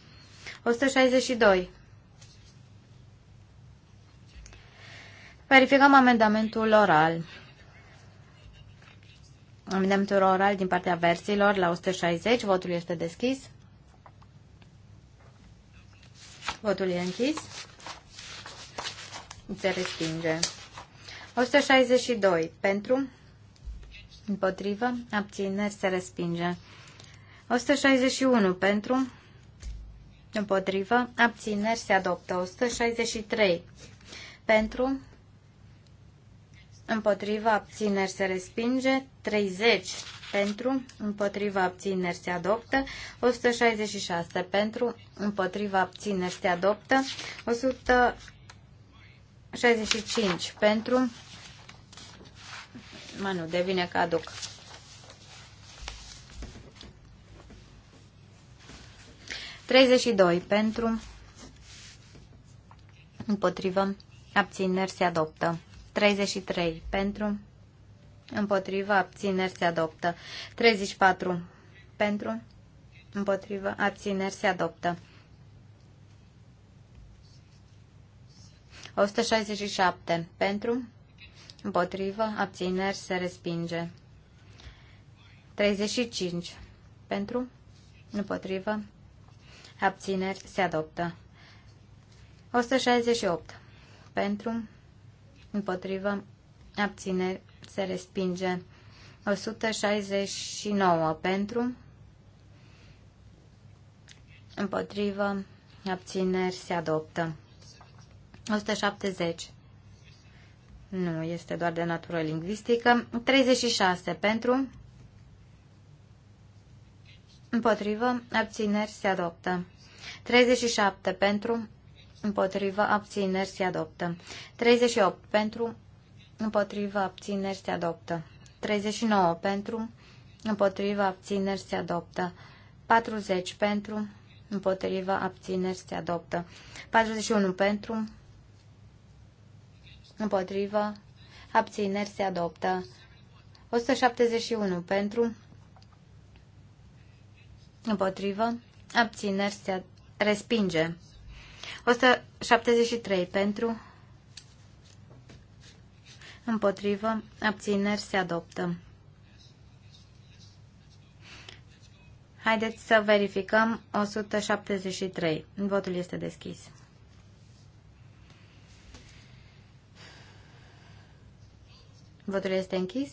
162. Verificăm amendamentul oral. Amendamentul oral din partea versiilor la 160. Votul este deschis. Votul e închis. Se respinge. 162. Pentru. Împotrivă. Abțineri. Se respinge. 161. Pentru. Împotrivă. Abțineri se adoptă. 163. Pentru. Împotrivă. Abțineri se respinge. 30. Pentru. Împotrivă. Abțineri se adoptă. 166. Pentru. Împotrivă. Abțineri se adoptă. 165. Pentru. Mă, nu, devine caduc. 32 pentru, împotrivă, abțineri se adoptă. 33 pentru, împotrivă, abțineri se adoptă. 34 pentru, împotrivă, abțineri se adoptă. 167 pentru, împotrivă, abțineri se respinge. 35 pentru, împotrivă, abțineri, se adoptă. 168. Pentru, împotrivă, abțineri, se respinge. 169. Pentru, împotrivă, abțineri, se adoptă. 170. Nu, este doar de natură lingvistică. 36. Pentru, Împotrivă, abțineri se adoptă. 37 pentru, împotrivă, abțineri se adoptă. 38 pentru, împotrivă, abțineri se adoptă. 39 pentru, împotrivă, abțineri se adoptă. 40 pentru, împotrivă, abțineri se adoptă. 41 pentru, împotrivă, abțineri se adoptă. 171 pentru, Împotrivă. Abțineri se respinge. 173 pentru. Împotrivă. Abțineri se adoptă. Haideți să verificăm 173. Votul este deschis. Votul este închis.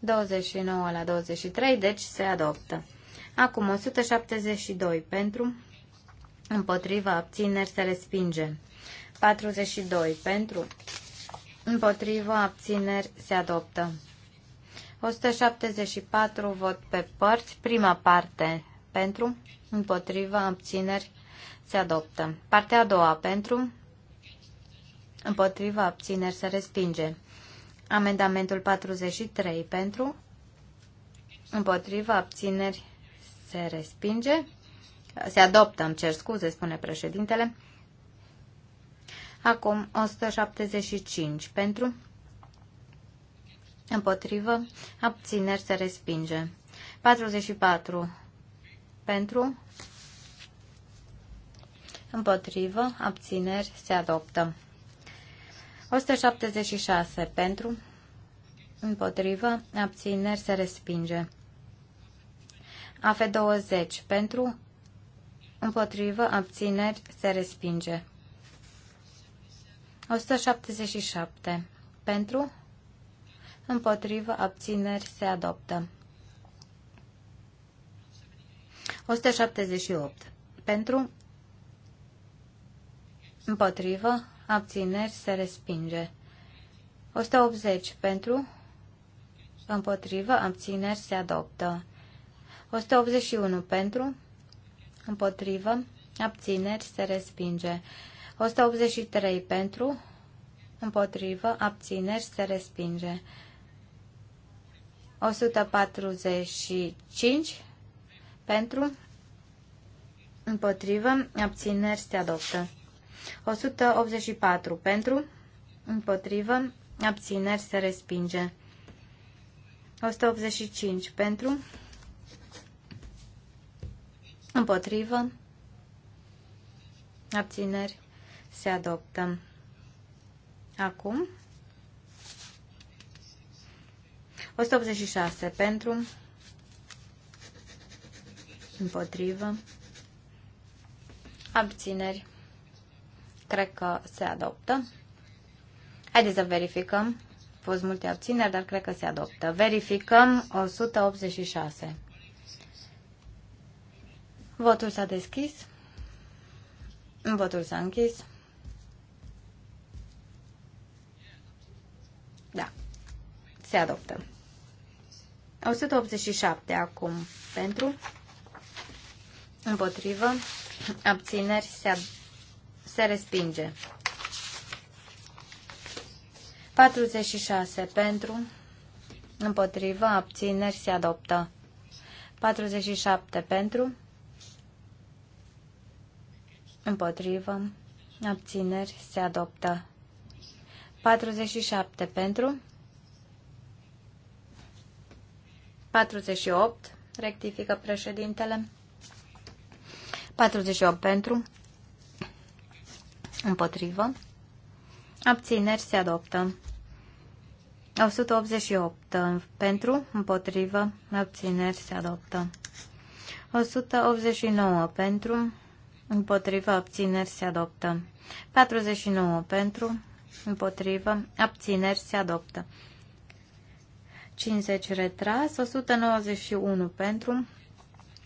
29 la 23, deci se adoptă. Acum 172 pentru, împotriva abțineri se respinge. 42 pentru, împotriva abțineri se adoptă. 174 vot pe părți, prima parte pentru, împotriva abțineri se adoptă. Partea a doua pentru, împotriva abțineri se respinge. Amendamentul 43 pentru, împotriva, abțineri, se respinge. Se adoptă, îmi cer scuze, spune președintele. Acum 175 pentru, împotrivă, abțineri, se respinge. 44 pentru, împotrivă, abțineri, se adoptă. 176 pentru, împotrivă, abțineri se respinge. af 20 pentru, împotrivă, abțineri se respinge. 177 pentru, împotrivă, abțineri se adoptă. 178 pentru, împotrivă, abțineri, se respinge. 180 pentru, împotrivă, abțineri, se adoptă. 181 pentru, împotrivă, abțineri, se respinge. 183 pentru, împotrivă, abțineri, se respinge. 145 pentru, împotrivă, abțineri, se adoptă. 184 pentru, împotrivă, abțineri se respinge. 185 pentru, împotrivă, abțineri se adoptă. Acum, 186 pentru, împotrivă, abțineri Cred că se adoptă. Haideți să verificăm. A fost multe abțineri, dar cred că se adoptă. Verificăm 186. Votul s-a deschis. Votul s-a închis. Da. Se adoptă. 187 acum pentru, împotrivă, abțineri se se respinge. 46 pentru, împotrivă, abțineri se adoptă. 47 pentru, împotrivă, abțineri se adoptă. 47 pentru, 48, rectifică președintele. 48 pentru, Împotrivă. Abțineri se adoptă. 188 uh, pentru, împotrivă, abțineri se adoptă. 189 pentru, împotrivă, abțineri se adoptă. 49 pentru, împotrivă, abțineri se adoptă. 50 retras, 191 pentru,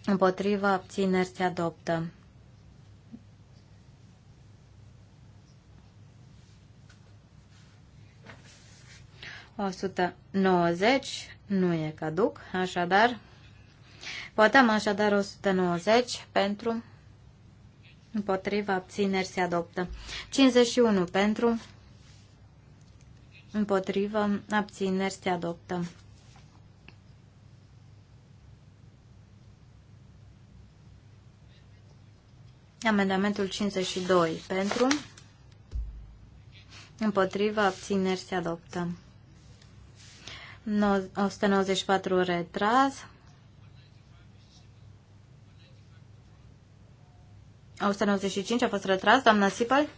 împotrivă, abțineri se adoptă. 190 nu e caduc, așadar votăm așadar 190 pentru împotriva abțineri se adoptă. 51 pentru împotriva abțineri se adoptă. Amendamentul 52 pentru împotriva abțineri se adoptă. 194 retras. 195 a fost retras, doamna Sipăl?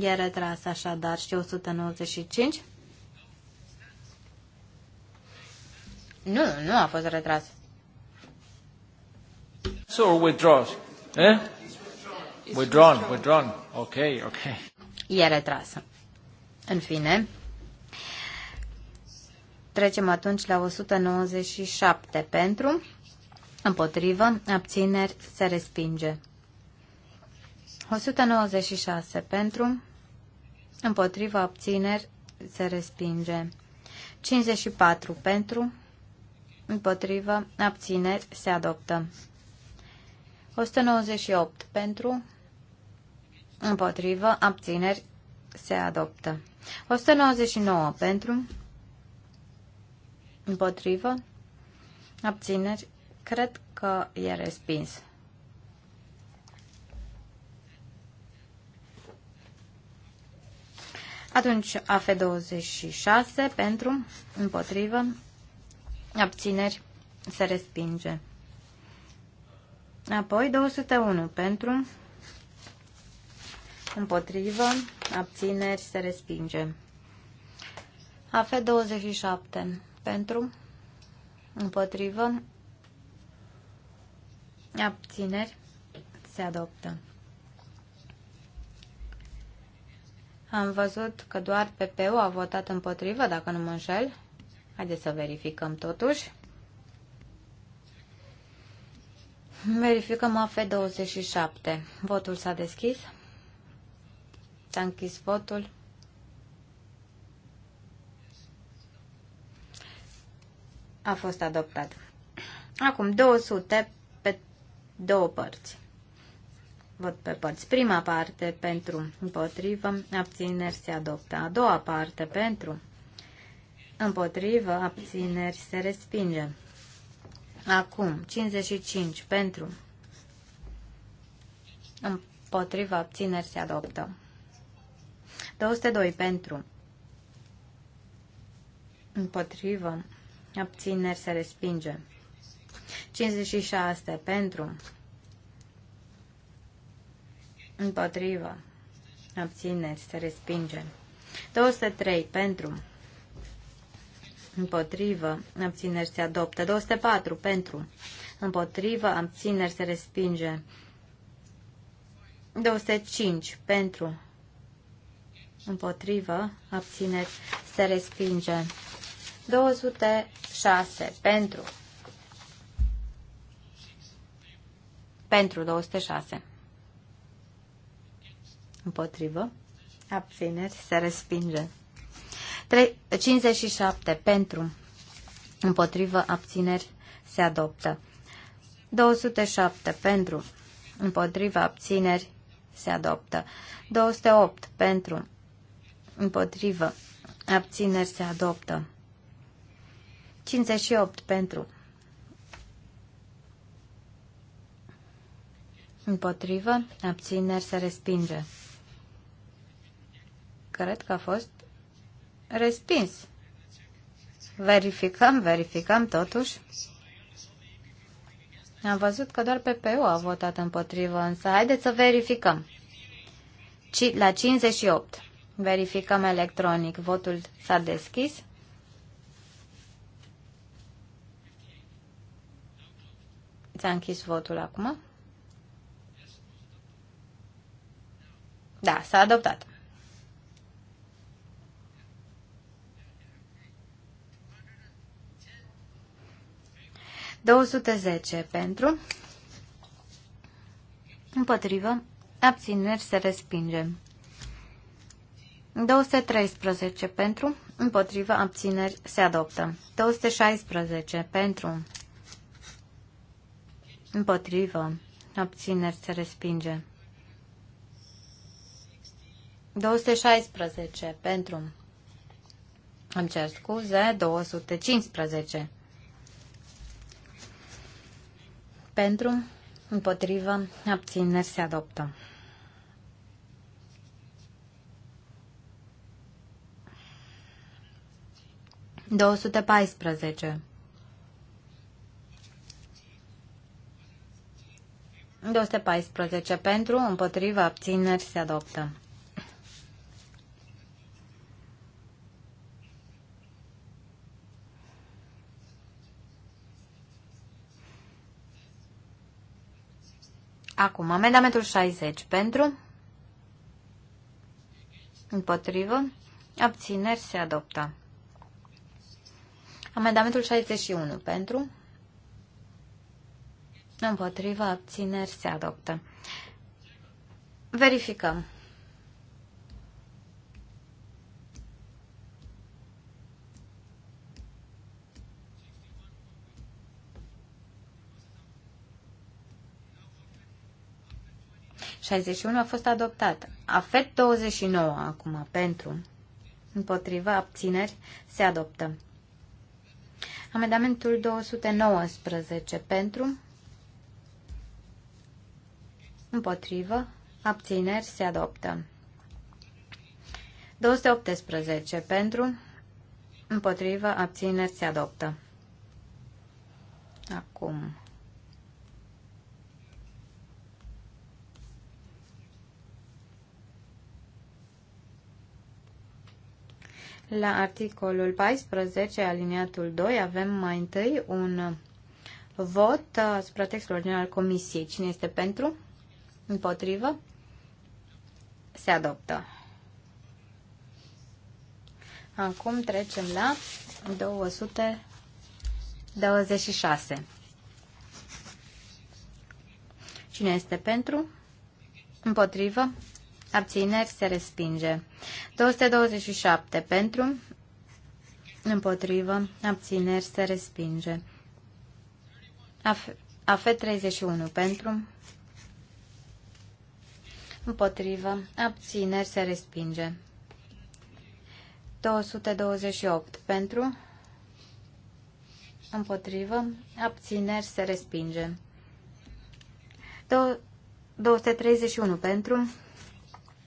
E retras așadar și 195. Nu, nu a fost retras. So withdraws. Eh? Withdrawn, withdrawn. Ok, ok. E retras. În fine, Trecem atunci la 197 pentru, împotrivă, abțineri, se respinge. 196 pentru, împotrivă, abțineri, se respinge. 54 pentru, împotrivă, abțineri, se adoptă. 198 pentru, împotrivă, abțineri, se adoptă. 199 pentru, Împotrivă? Abțineri? Cred că e respins. Atunci AF26 pentru, împotrivă, abțineri, se respinge. Apoi 201 pentru, împotrivă, abțineri, se respinge. AF27 pentru, împotrivă, abțineri, se adoptă. Am văzut că doar PPU a votat împotrivă, dacă nu mă înșel. Haideți să verificăm totuși. Verificăm AF27. Votul s-a deschis. S-a închis votul. a fost adoptat. Acum 200 pe două părți. Vot pe părți. Prima parte pentru împotrivă, abțineri se adoptă. A doua parte pentru împotrivă, abțineri se respinge. Acum 55 pentru împotrivă, abțineri se adoptă. 202 pentru împotrivă, abțineri se respinge. 56 pentru, împotrivă, abțineri se respinge. 203 pentru, împotrivă, abțineri se adoptă. 204 pentru, împotrivă, abțineri se respinge. 205 pentru, împotrivă, abțineri se respinge. 206 pentru pentru 206 împotrivă abțineri se respinge 3, 57 pentru împotrivă abțineri se adoptă 207 pentru împotrivă abțineri se adoptă 208 pentru împotrivă abțineri se adoptă 58 pentru. Împotrivă, abțineri se respinge. Cred că a fost respins. Verificăm, verificăm totuși. Am văzut că doar PPU a votat împotrivă, însă haideți să verificăm. la 58. Verificăm electronic. Votul s-a deschis. ți a închis votul acum. Da, s-a adoptat. zece pentru, împotrivă, abțineri se respinge. 213 pentru, împotrivă, abțineri se adoptă. 216 pentru, Împotrivă. Abțineri se respinge. 216 pentru. Îmi cer scuze. 215 pentru. Împotrivă. Abțineri se adoptă. Două sute paisprezece. 214 pentru, împotriva, abțineri se adoptă. Acum, amendamentul 60 pentru, împotrivă, abțineri se adoptă. Amendamentul 61 pentru, Împotriva abțineri se adoptă. Verificăm. Șaizeci a fost adoptat. AFET 29 acum pentru. Împotriva abțineri se adoptă. Amendamentul 219 pentru Împotrivă. Abțineri se adoptă. 218 pentru. Împotrivă. Abțineri se adoptă. Acum. La articolul 14, aliniatul 2, avem mai întâi un vot asupra textului original al Comisiei. Cine este pentru? Împotrivă? Se adoptă. Acum trecem la 226. Cine este pentru? Împotrivă? Abțineri se respinge. 227 pentru, împotrivă, abțineri se respinge. AF, AF 31 pentru, Împotrivă. Abțineri se respinge. 228 pentru. Împotrivă. Abțineri se respinge. 231 pentru.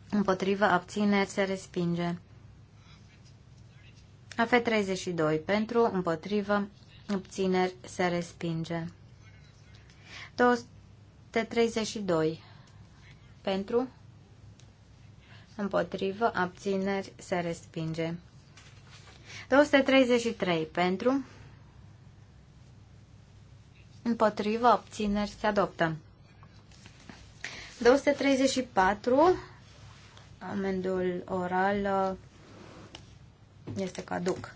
Împotrivă. Abțineri se respinge. AF32 pentru. Împotrivă. Abțineri se respinge. 232 pentru, împotrivă, abțineri, se respinge. 233 pentru, împotrivă, abțineri, se adoptă. 234, amendul oral este caduc.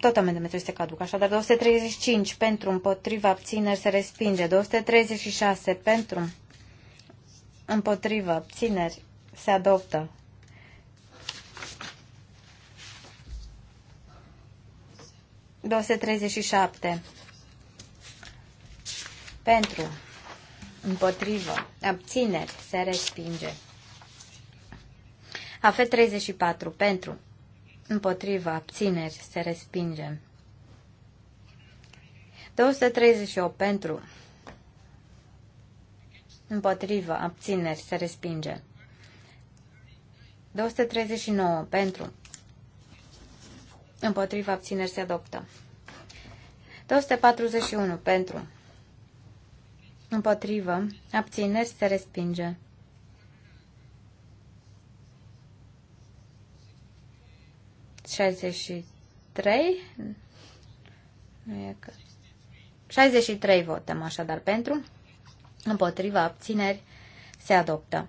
Tot amendamentul este caduc, așadar 235 pentru, împotriva, abțineri, se respinge. 236 pentru, împotrivă, abțineri, se adoptă. 37. Pentru, împotrivă, abțineri, se respinge. Afe 34. Pentru, împotrivă, abțineri, se respinge. 238. Pentru, împotrivă, abțineri, se respinge. 239 pentru, împotrivă, abțineri, se adoptă. 241 pentru, împotrivă, abțineri, se respinge. 63 nu e că... 63 votăm așadar pentru împotriva abțineri se adoptă.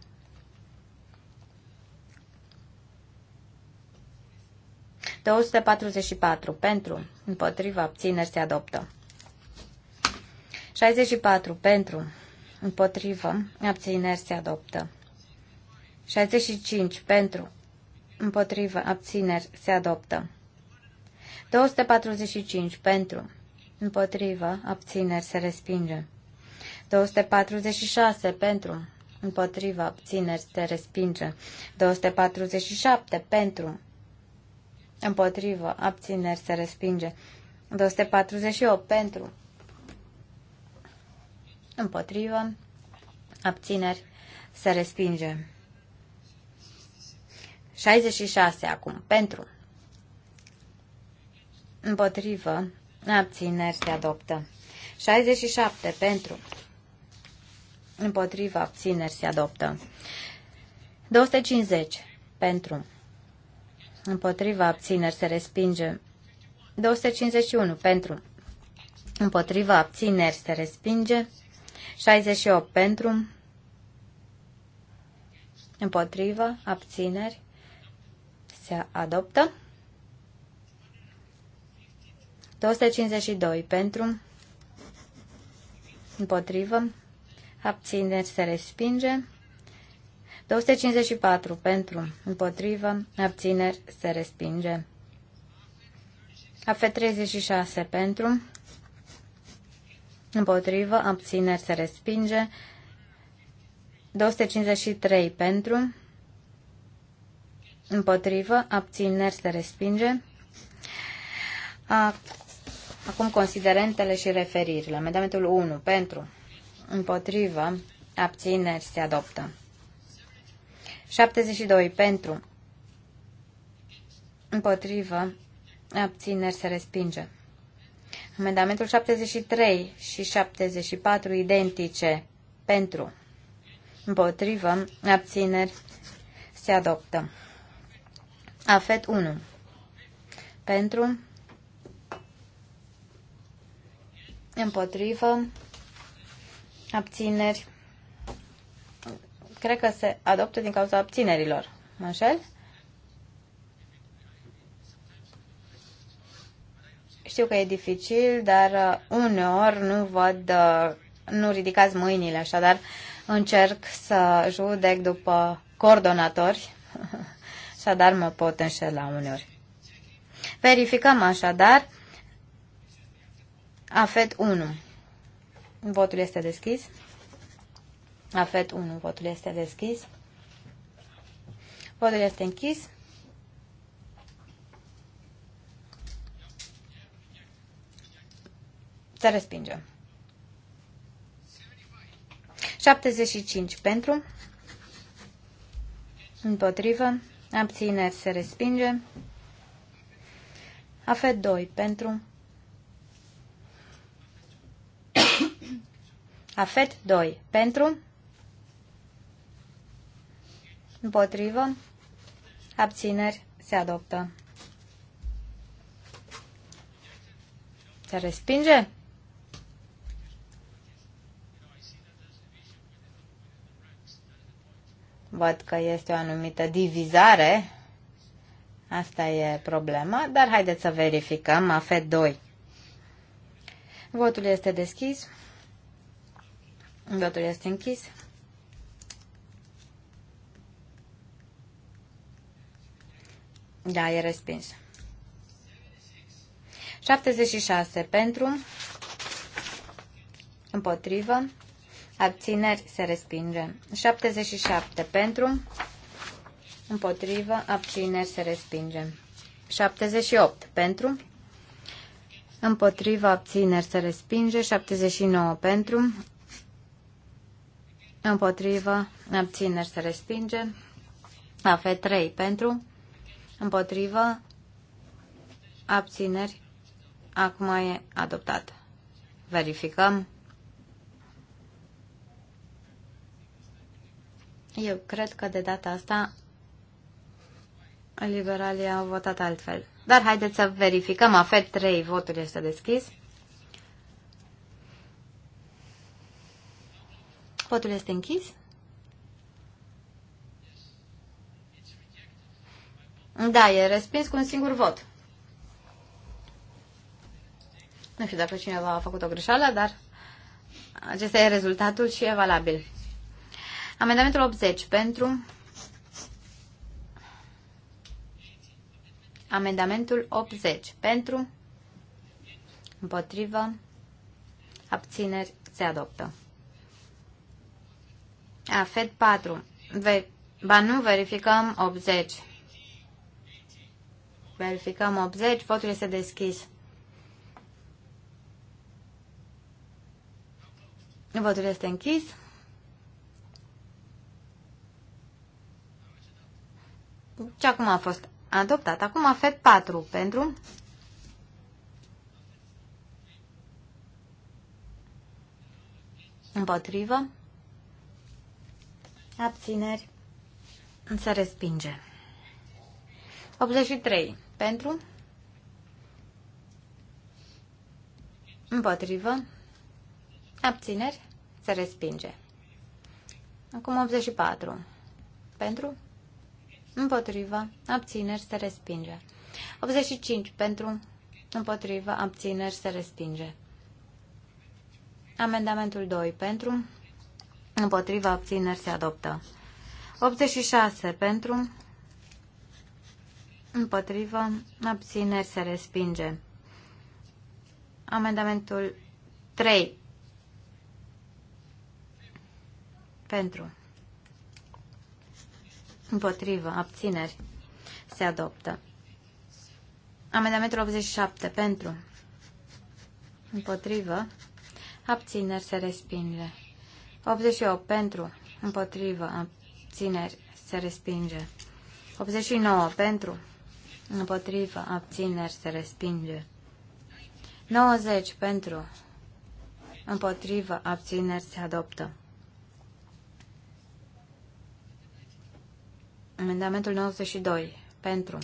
patru pentru, împotriva abțineri se adoptă. 64 pentru, împotrivă, abțineri se adoptă. 65 pentru, împotrivă, abțineri se adoptă. 245 pentru, împotrivă, abțineri se respinge. 246 pentru, împotriva abțineri se respinge. 247 pentru, împotriva abțineri se respinge. 248 pentru, împotriva abțineri se respinge. 66 acum pentru, împotriva abțineri se adoptă. 67 pentru, împotriva abțineri se adoptă. 250 pentru, împotriva abțineri se respinge. 251 pentru, împotriva abțineri se respinge. 68 pentru, împotriva abțineri se adoptă. 252 pentru, împotrivă, abțineri se respinge. 254 pentru, împotrivă, abțineri se respinge. AF36 pentru, împotrivă, abțineri se respinge. 253 pentru, împotrivă, abțineri se respinge. Acum considerentele și referirile. Amendamentul 1 pentru, împotrivă, abțineri se adoptă. 72 pentru, împotrivă, abțineri se respinge. Amendamentul 73 și 74 identice pentru, împotrivă, abțineri se adoptă. Afet 1 pentru, împotrivă, Abțineri. Cred că se adoptă din cauza abținerilor. Mă înșel? Știu că e dificil, dar uh, uneori nu văd, uh, nu ridicați mâinile, așadar încerc să judec după coordonatori, așadar mă pot înșela uneori. Verificăm așadar AFET 1. Votul este deschis. Afet 1. Votul este deschis. Votul este închis. Se respinge. 75 pentru. Împotrivă. Abțineri se respinge. Afet 2 pentru. AFET 2. Pentru? Împotrivă? Abțineri? Se adoptă. Se respinge? Văd că este o anumită divizare. Asta e problema, dar haideți să verificăm. AFET 2. Votul este deschis. Votul este închis. Da, e respins. 76 pentru, împotrivă, abțineri se respinge. 77 pentru, împotrivă, abțineri se respinge. 78 pentru, împotrivă, abțineri se respinge. 79 pentru, Împotrivă. Abțineri se respinge. AF 3 pentru. Împotrivă. Abțineri. Acum e adoptat. Verificăm. Eu cred că de data asta liberalii au votat altfel. Dar haideți să verificăm. AF 3 votul este deschis. Spotul este închis. Da, e respins cu un singur vot. Nu știu dacă cineva a făcut o greșeală, dar acesta e rezultatul și e valabil. Amendamentul 80 pentru Amendamentul 80 pentru împotrivă abțineri se adoptă. Afet 4. Ve- ba nu, verificăm 80. Verificăm 80, votul este deschis. Votul este închis. Ce acum a fost adoptat. Acum a FED 4 pentru... Împotrivă abțineri, se respinge. 83. Pentru, împotrivă, abțineri, se respinge. Acum 84. Pentru, împotrivă, abțineri, se respinge. 85. Pentru, împotrivă, abțineri, se respinge. Amendamentul 2. Pentru, Împotriva abțineri se adoptă. 86 pentru. Împotriva abțineri se respinge. Amendamentul 3 pentru. împotriva abțineri. Se adoptă. Amendamentul 87. Pentru. Împotrivă. Abțineri se respinge. 88 pentru, împotrivă, abțineri, se respinge. 89 pentru, împotrivă, abțineri, se respinge. 90 pentru, împotrivă, abțineri, se adoptă. Amendamentul 92 pentru,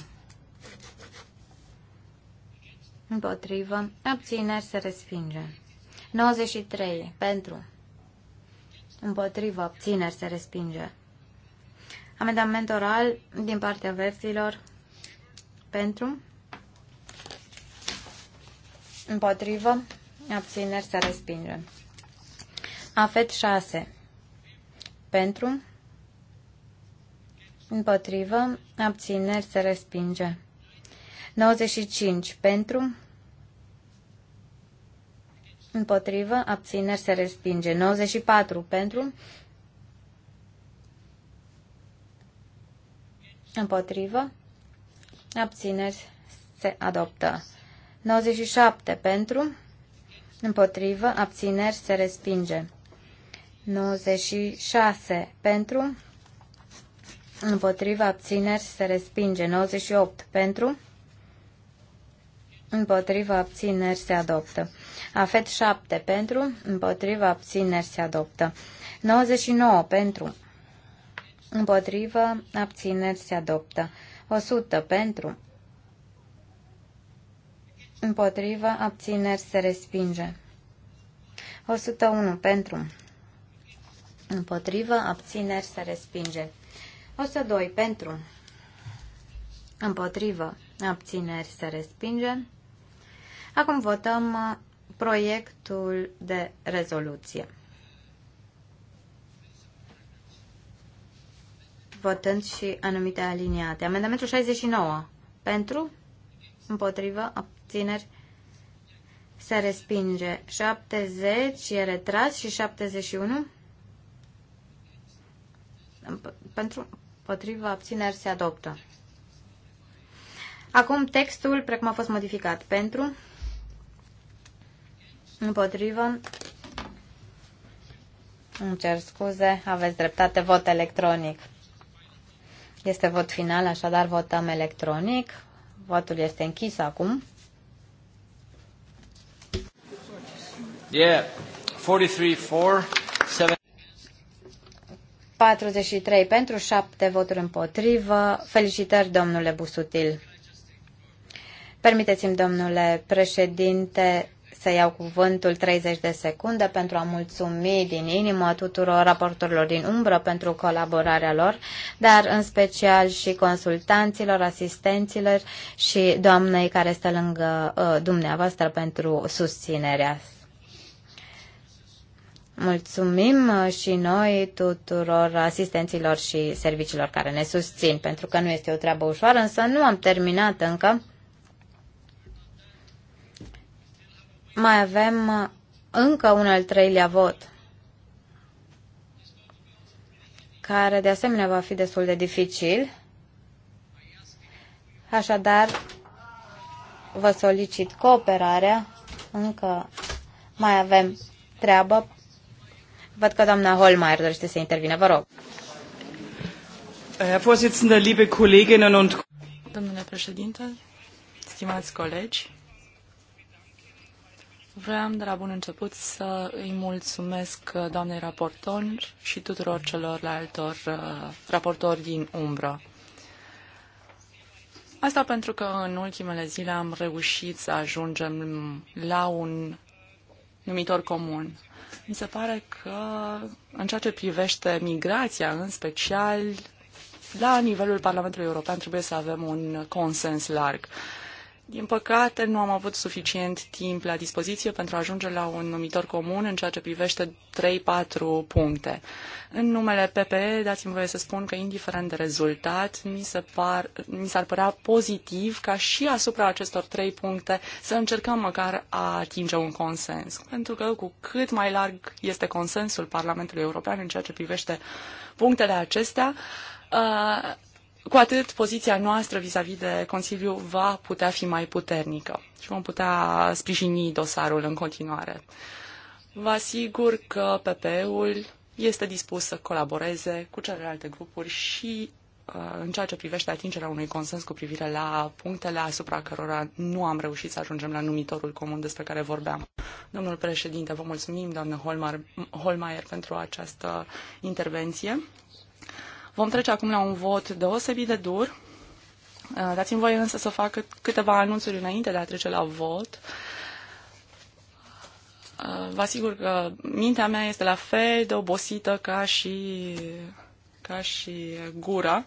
împotrivă, abțineri, se respinge. 93 pentru, împotrivă, abțineri, se respinge. Amendament oral din partea verzilor pentru, împotrivă, abțineri, se respinge. Afet 6 pentru, împotrivă, abțineri, se respinge. 95 pentru, împotrivă, abțineri se respinge. 94 pentru, împotrivă, abțineri se adoptă. 97 pentru, împotrivă, abțineri se respinge. 96 pentru, împotrivă, abțineri se respinge. 98 pentru, împotriva abțineri se adoptă. Afet 7 pentru, împotriva abțineri se adoptă. 99 pentru, împotriva abțineri se adoptă. 100 pentru, împotriva abțineri se respinge. 101 pentru, împotriva abțineri se respinge. 102 pentru, împotriva abțineri se respinge. Acum votăm uh, proiectul de rezoluție. Votând și anumite aliniate. Amendamentul 69. Pentru, împotrivă, abțineri, se respinge. 70 e retras și 71 pentru, împotriva, abțineri se adoptă. Acum textul, precum a fost modificat, pentru, Împotrivă. Îmi cer scuze, aveți dreptate, vot electronic. Este vot final, așadar votăm electronic. Votul este închis acum. Yeah, 43, 4, 7. pentru, 7 voturi împotrivă. Felicitări, domnule Busutil. Permiteți-mi, domnule președinte, să iau cuvântul 30 de secunde pentru a mulțumi din inimă tuturor raporturilor din umbră pentru colaborarea lor, dar în special și consultanților, asistenților și doamnei care stă lângă uh, dumneavoastră pentru susținerea. Mulțumim uh, și noi tuturor asistenților și serviciilor care ne susțin, pentru că nu este o treabă ușoară, însă nu am terminat încă. mai avem uh, încă un al treilea vot, care de asemenea va fi destul de dificil. Așadar, vă solicit cooperarea. Încă mai avem treabă. Văd că doamna Holmeier dorește să intervine. Vă rog. Herr Vorsitzender, liebe Kolleginnen und Domnule președinte, stimați colegi, Vreau de la bun început să îi mulțumesc uh, doamnei raportori și tuturor celorlaltor uh, raportori din umbră. Asta pentru că în ultimele zile am reușit să ajungem la un numitor comun. Mi se pare că în ceea ce privește migrația, în special, la nivelul Parlamentului European trebuie să avem un consens larg. Uh, din păcate, nu am avut suficient timp la dispoziție pentru a ajunge la un numitor comun în ceea ce privește 3-4 puncte. În numele PPE, dați-mi voie să spun că, indiferent de rezultat, mi, se par, mi s-ar părea pozitiv ca și asupra acestor 3 puncte să încercăm măcar a atinge un consens. Pentru că cu cât mai larg este consensul Parlamentului European în ceea ce privește punctele acestea, uh, cu atât poziția noastră vis-a-vis de Consiliu va putea fi mai puternică și vom putea sprijini dosarul în continuare. Vă asigur că PP-ul este dispus să colaboreze cu celelalte grupuri și uh, în ceea ce privește atingerea unui consens cu privire la punctele asupra cărora nu am reușit să ajungem la numitorul comun despre care vorbeam. Domnul președinte, vă mulțumim, doamnă Holmar, Holmeier, pentru această intervenție. Vom trece acum la un vot deosebit de dur. Uh, dați-mi voie însă să fac câteva anunțuri înainte de a trece la vot. Uh, vă asigur că mintea mea este la fel de obosită ca și, ca și gura.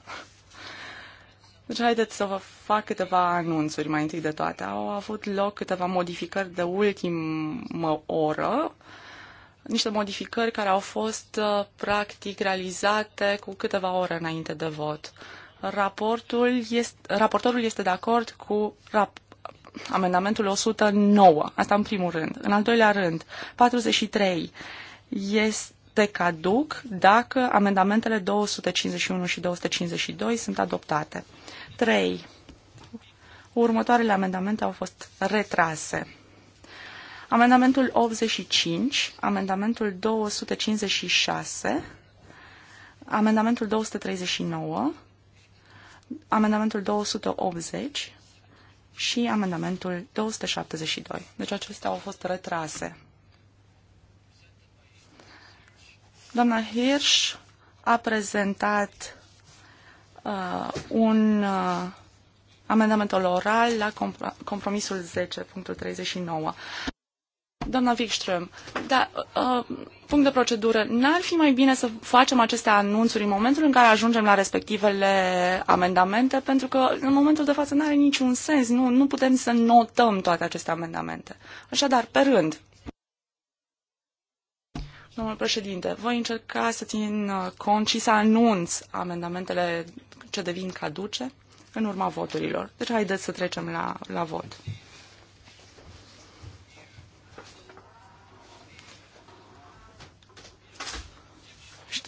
Deci haideți să vă fac câteva anunțuri mai întâi de toate. Au avut loc câteva modificări de ultimă oră. Uh, niște modificări care au fost uh, practic realizate cu câteva ore înainte de vot. Raportul este, raportorul este de acord cu rap, amendamentul 109, asta în primul rând. În al doilea rând, 43 este caduc dacă amendamentele 251 și 252 sunt adoptate. 3. Următoarele amendamente au fost retrase. Amendamentul 85, amendamentul 256, amendamentul 239, amendamentul 280 și amendamentul 272. Deci acestea au fost retrase. Doamna Hirsch a prezentat uh, un uh, amendament oral la compromisul 10.39. Doamna Wikström, da, uh, punct de procedură, n-ar fi mai bine să facem aceste anunțuri în momentul în care ajungem la respectivele amendamente, pentru că în momentul de față nu are niciun sens, nu, nu putem să notăm toate aceste amendamente. Așadar, pe rând. Domnul președinte, voi încerca să țin uh, cont și să anunț amendamentele ce devin caduce în urma voturilor. Deci haideți să trecem la, la vot.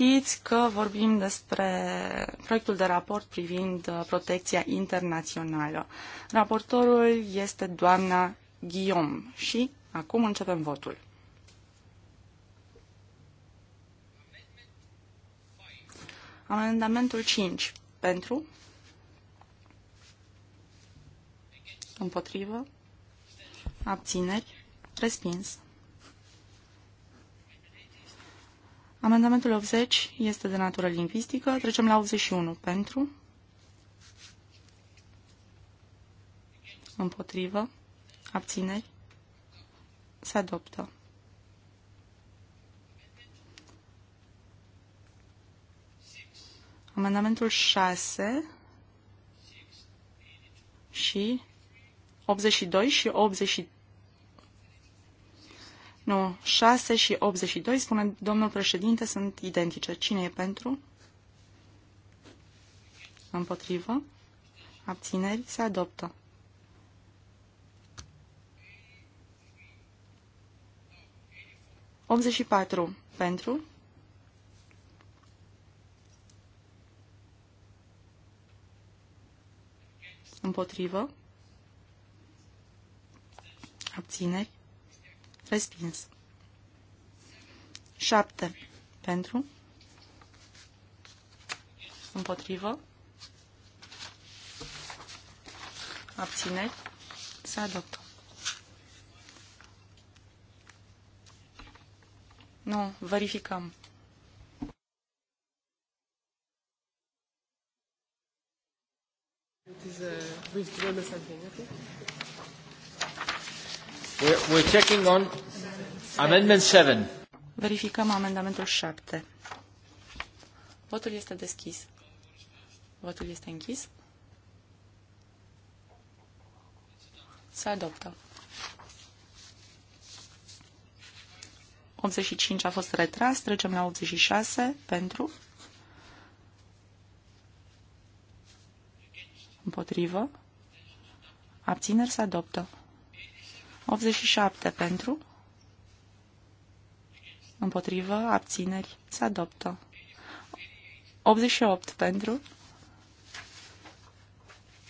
știți că vorbim despre proiectul de raport privind uh, protecția internațională. Raportorul este doamna Guillaume și acum începem votul. Amendamentul 5. Pentru? Împotrivă? Abțineri? Respins. Amendamentul 80 este de natură lingvistică. Trecem la 81. Pentru. Împotrivă. Abțineri. Se adoptă. Amendamentul 6 și 82 și 83 nu, 6 și 82, spune domnul președinte, sunt identice. Cine e pentru? Împotrivă? Abțineri? Se adoptă. Optzeci patru pentru. Împotrivă. Abțineri. Respins. 7 pentru. Împotrivă. Abțineri. Se adoptă. Nu, verificăm. It is a uh, withdrawal or something, We're, checking on amendment 7. Verificăm amendamentul 7. Votul este deschis. Votul este închis. Se adoptă. 85 a fost retras, trecem la 86 pentru, împotrivă, abțineri se adoptă. 87 pentru, împotrivă, abțineri, se adoptă. 88 pentru,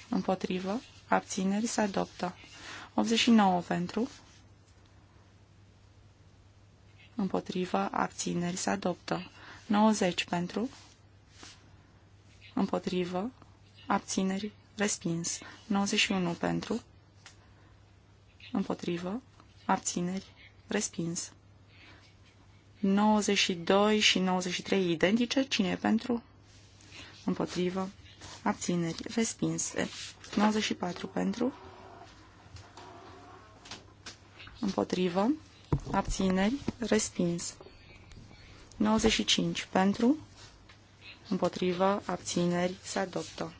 împotrivă, abțineri, se adoptă. 89 pentru, împotrivă, abțineri, se adoptă. 90 pentru, împotrivă, abțineri, respins. 91 pentru, împotrivă, abțineri, respins. 92 și 93 identice, cine e pentru, împotrivă, abțineri, respins. 94 pentru, împotrivă, abțineri, respins. 95 pentru, împotrivă, abțineri, se adoptă.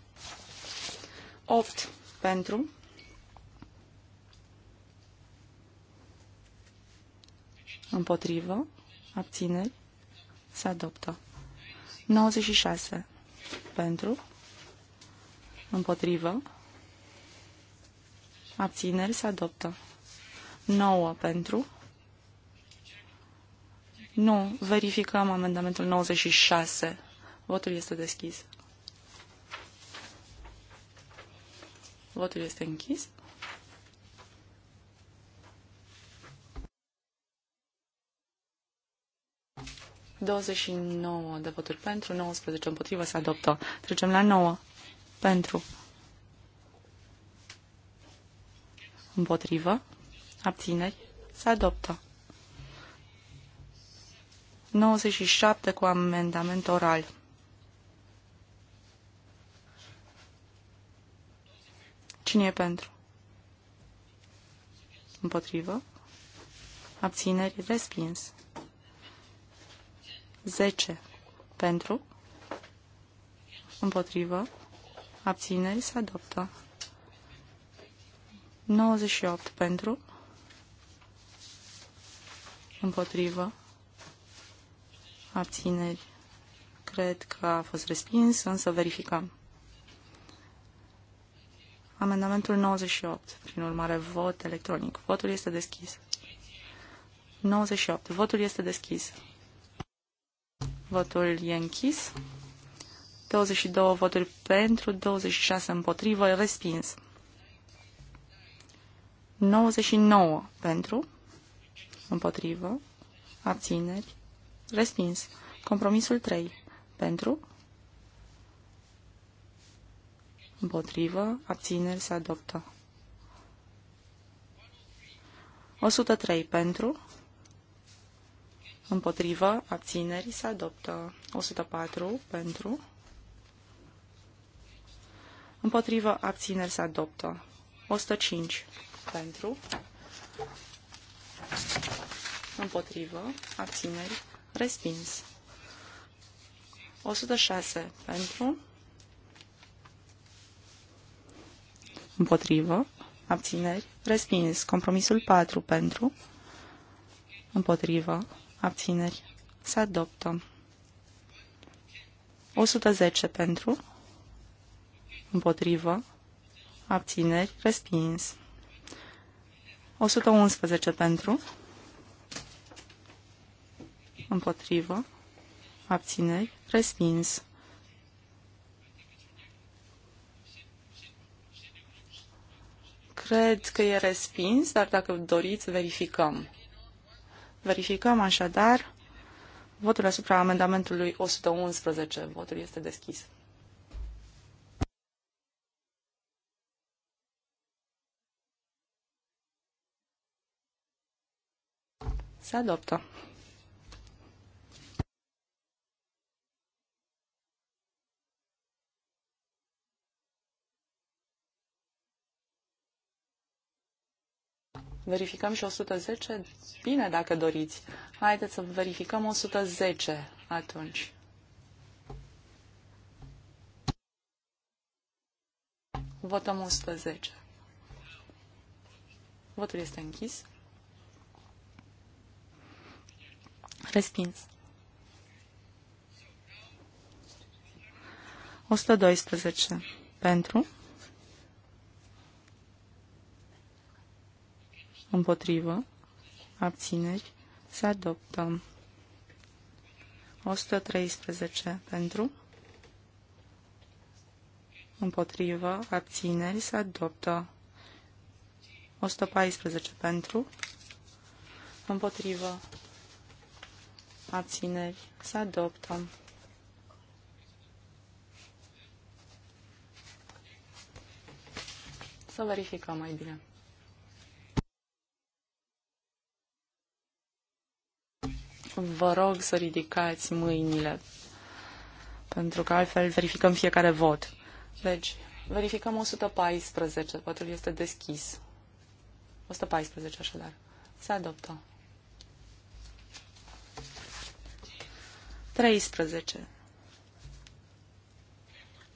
8 pentru, Împotrivă. Abțineri. Se adoptă. 96. Pentru. Împotrivă. Abțineri. Se adoptă. 9. Pentru. Nu. Verificăm amendamentul 96. Votul este deschis. Votul este închis. 29 de voturi pentru, 19 împotrivă se adoptă. Trecem la 9. Pentru. Împotrivă. Abțineri. Se adoptă. 97 cu amendament oral. Cine e pentru? Împotrivă. Abțineri. Respins. 10 pentru, împotrivă, abțineri se adoptă. 98 pentru, împotrivă, abțineri. Cred că a fost respins, însă verificăm. Amendamentul 98, prin urmare vot electronic. Votul este deschis. 98. Votul este deschis. Votul e închis. 22 voturi pentru, 26 împotrivă, respins. 99 pentru, împotrivă, abțineri, respins. Compromisul 3 pentru, împotrivă, abțineri, se adoptă. 103 pentru, Împotrivă, abțineri, se adoptă 104 pentru. Împotrivă, abțineri, se adoptă 105 pentru. Împotrivă, abțineri, respins. 106 pentru. Împotrivă, abțineri, respins. Compromisul 4 pentru. Împotrivă, abțineri, se adoptă. 110 pentru, împotrivă, abțineri, respins. 111 pentru, împotrivă, abțineri, respins. Cred că e respins, dar dacă doriți, verificăm. Verificăm așadar votul asupra amendamentului 111. Votul este deschis. Se adoptă. Verificăm și 110? Bine, dacă doriți. Haideți să verificăm 110 atunci. Votăm 110. Votul este închis. Respins. 112. Pentru. împotrivă, abțineri, se adoptă. 113 pentru, împotrivă, abțineri, se adoptă. 114 pentru, împotrivă, abțineri, se adoptă. Să verificăm mai bine. vă rog să ridicați mâinile, pentru că altfel verificăm fiecare vot. Deci, verificăm 114, votul este deschis. 114 așadar. Se adoptă. 13.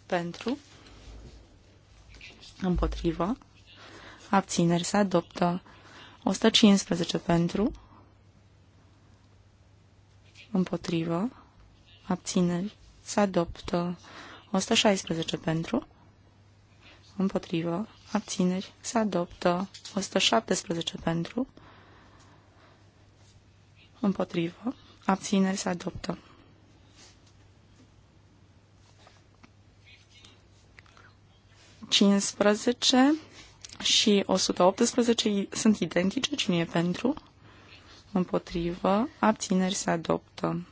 Pentru. Împotrivă. Abțineri se adoptă. 115 pentru împotrivă, abțineri, se adoptă 116 pentru, împotrivă, abțineri, se adoptă 117 pentru, împotrivă, abțineri, se adoptă 15 și 118 sunt identice, cine e pentru, împotrivă, abțineri se adoptă.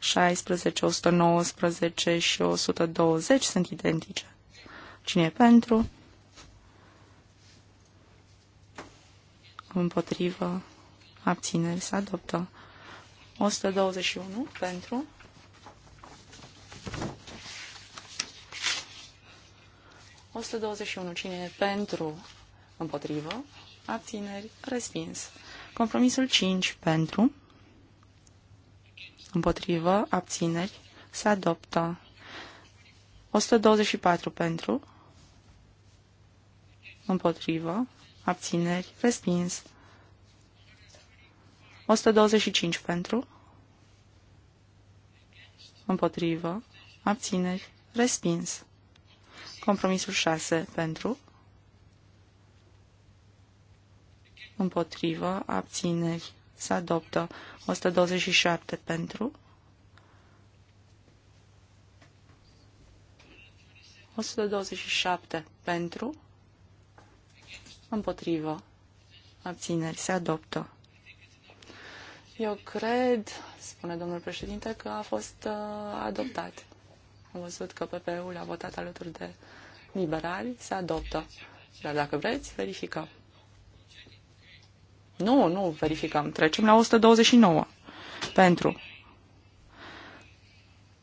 16, 119 și 120 sunt identice. Cine e pentru? Împotrivă, abțineri se adoptă. 121 pentru. 121 Cine e pentru? Împotrivă? Abțineri? Respins. Compromisul 5 pentru, împotrivă, abțineri, se adoptă. 124 pentru, împotrivă, abțineri, respins. 125 pentru, împotrivă, abțineri, respins. Compromisul 6 pentru, împotrivă, abțineri, se adoptă. 127 pentru, 127 pentru, împotrivă, abțineri, se adoptă. Eu cred, spune domnul președinte, că a fost uh, adoptat. Am văzut că PPE-ul a votat alături de liberali, se adoptă. Dar dacă vreți, verificăm. Nu, nu, verificăm. Trecem la 129. Pentru.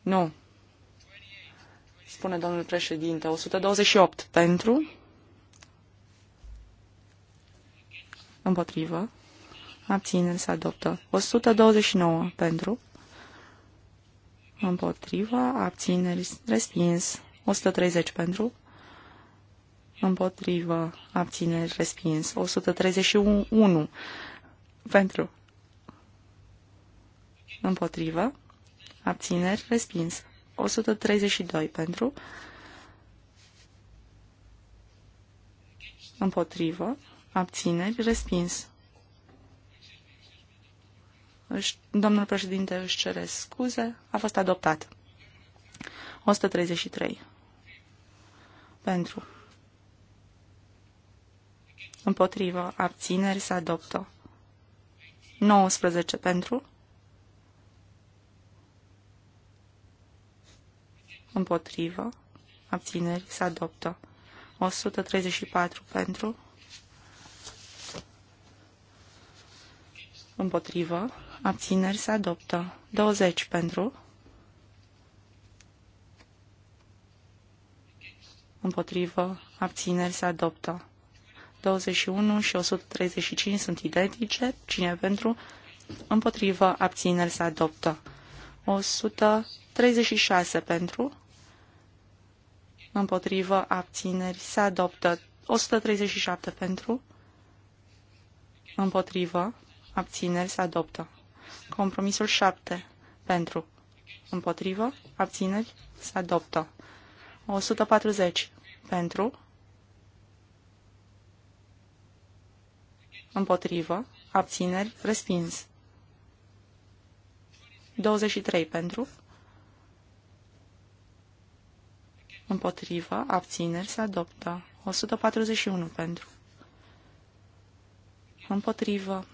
Nu. Spune domnul președinte. 128. Pentru. Împotrivă. Abținere se adoptă. 129. Pentru. Împotrivă. Abțineri. Respins. 130 pentru împotrivă, abțineri, respins. 131 pentru, împotrivă, abțineri, respins. 132 pentru, împotrivă, abțineri, respins. domnul președinte își cere scuze, a fost adoptat. 133 pentru, împotrivă, abțineri se adoptă. 19 pentru, împotrivă, abțineri se adoptă. 134 pentru, împotrivă, abțineri se adoptă. 20 pentru, împotrivă, abțineri se adoptă. 21 și 135 sunt identice. Cine pentru? Împotrivă. Abțineri se adoptă. 136 pentru. Împotrivă. Abțineri se adoptă. 137 pentru. Împotrivă. Abțineri se adoptă. Compromisul 7 pentru. Împotrivă. Abțineri se adoptă. 140 pentru împotrivă, abțineri, respins. 23 pentru, împotrivă, abțineri, se adoptă. 141 pentru, împotrivă,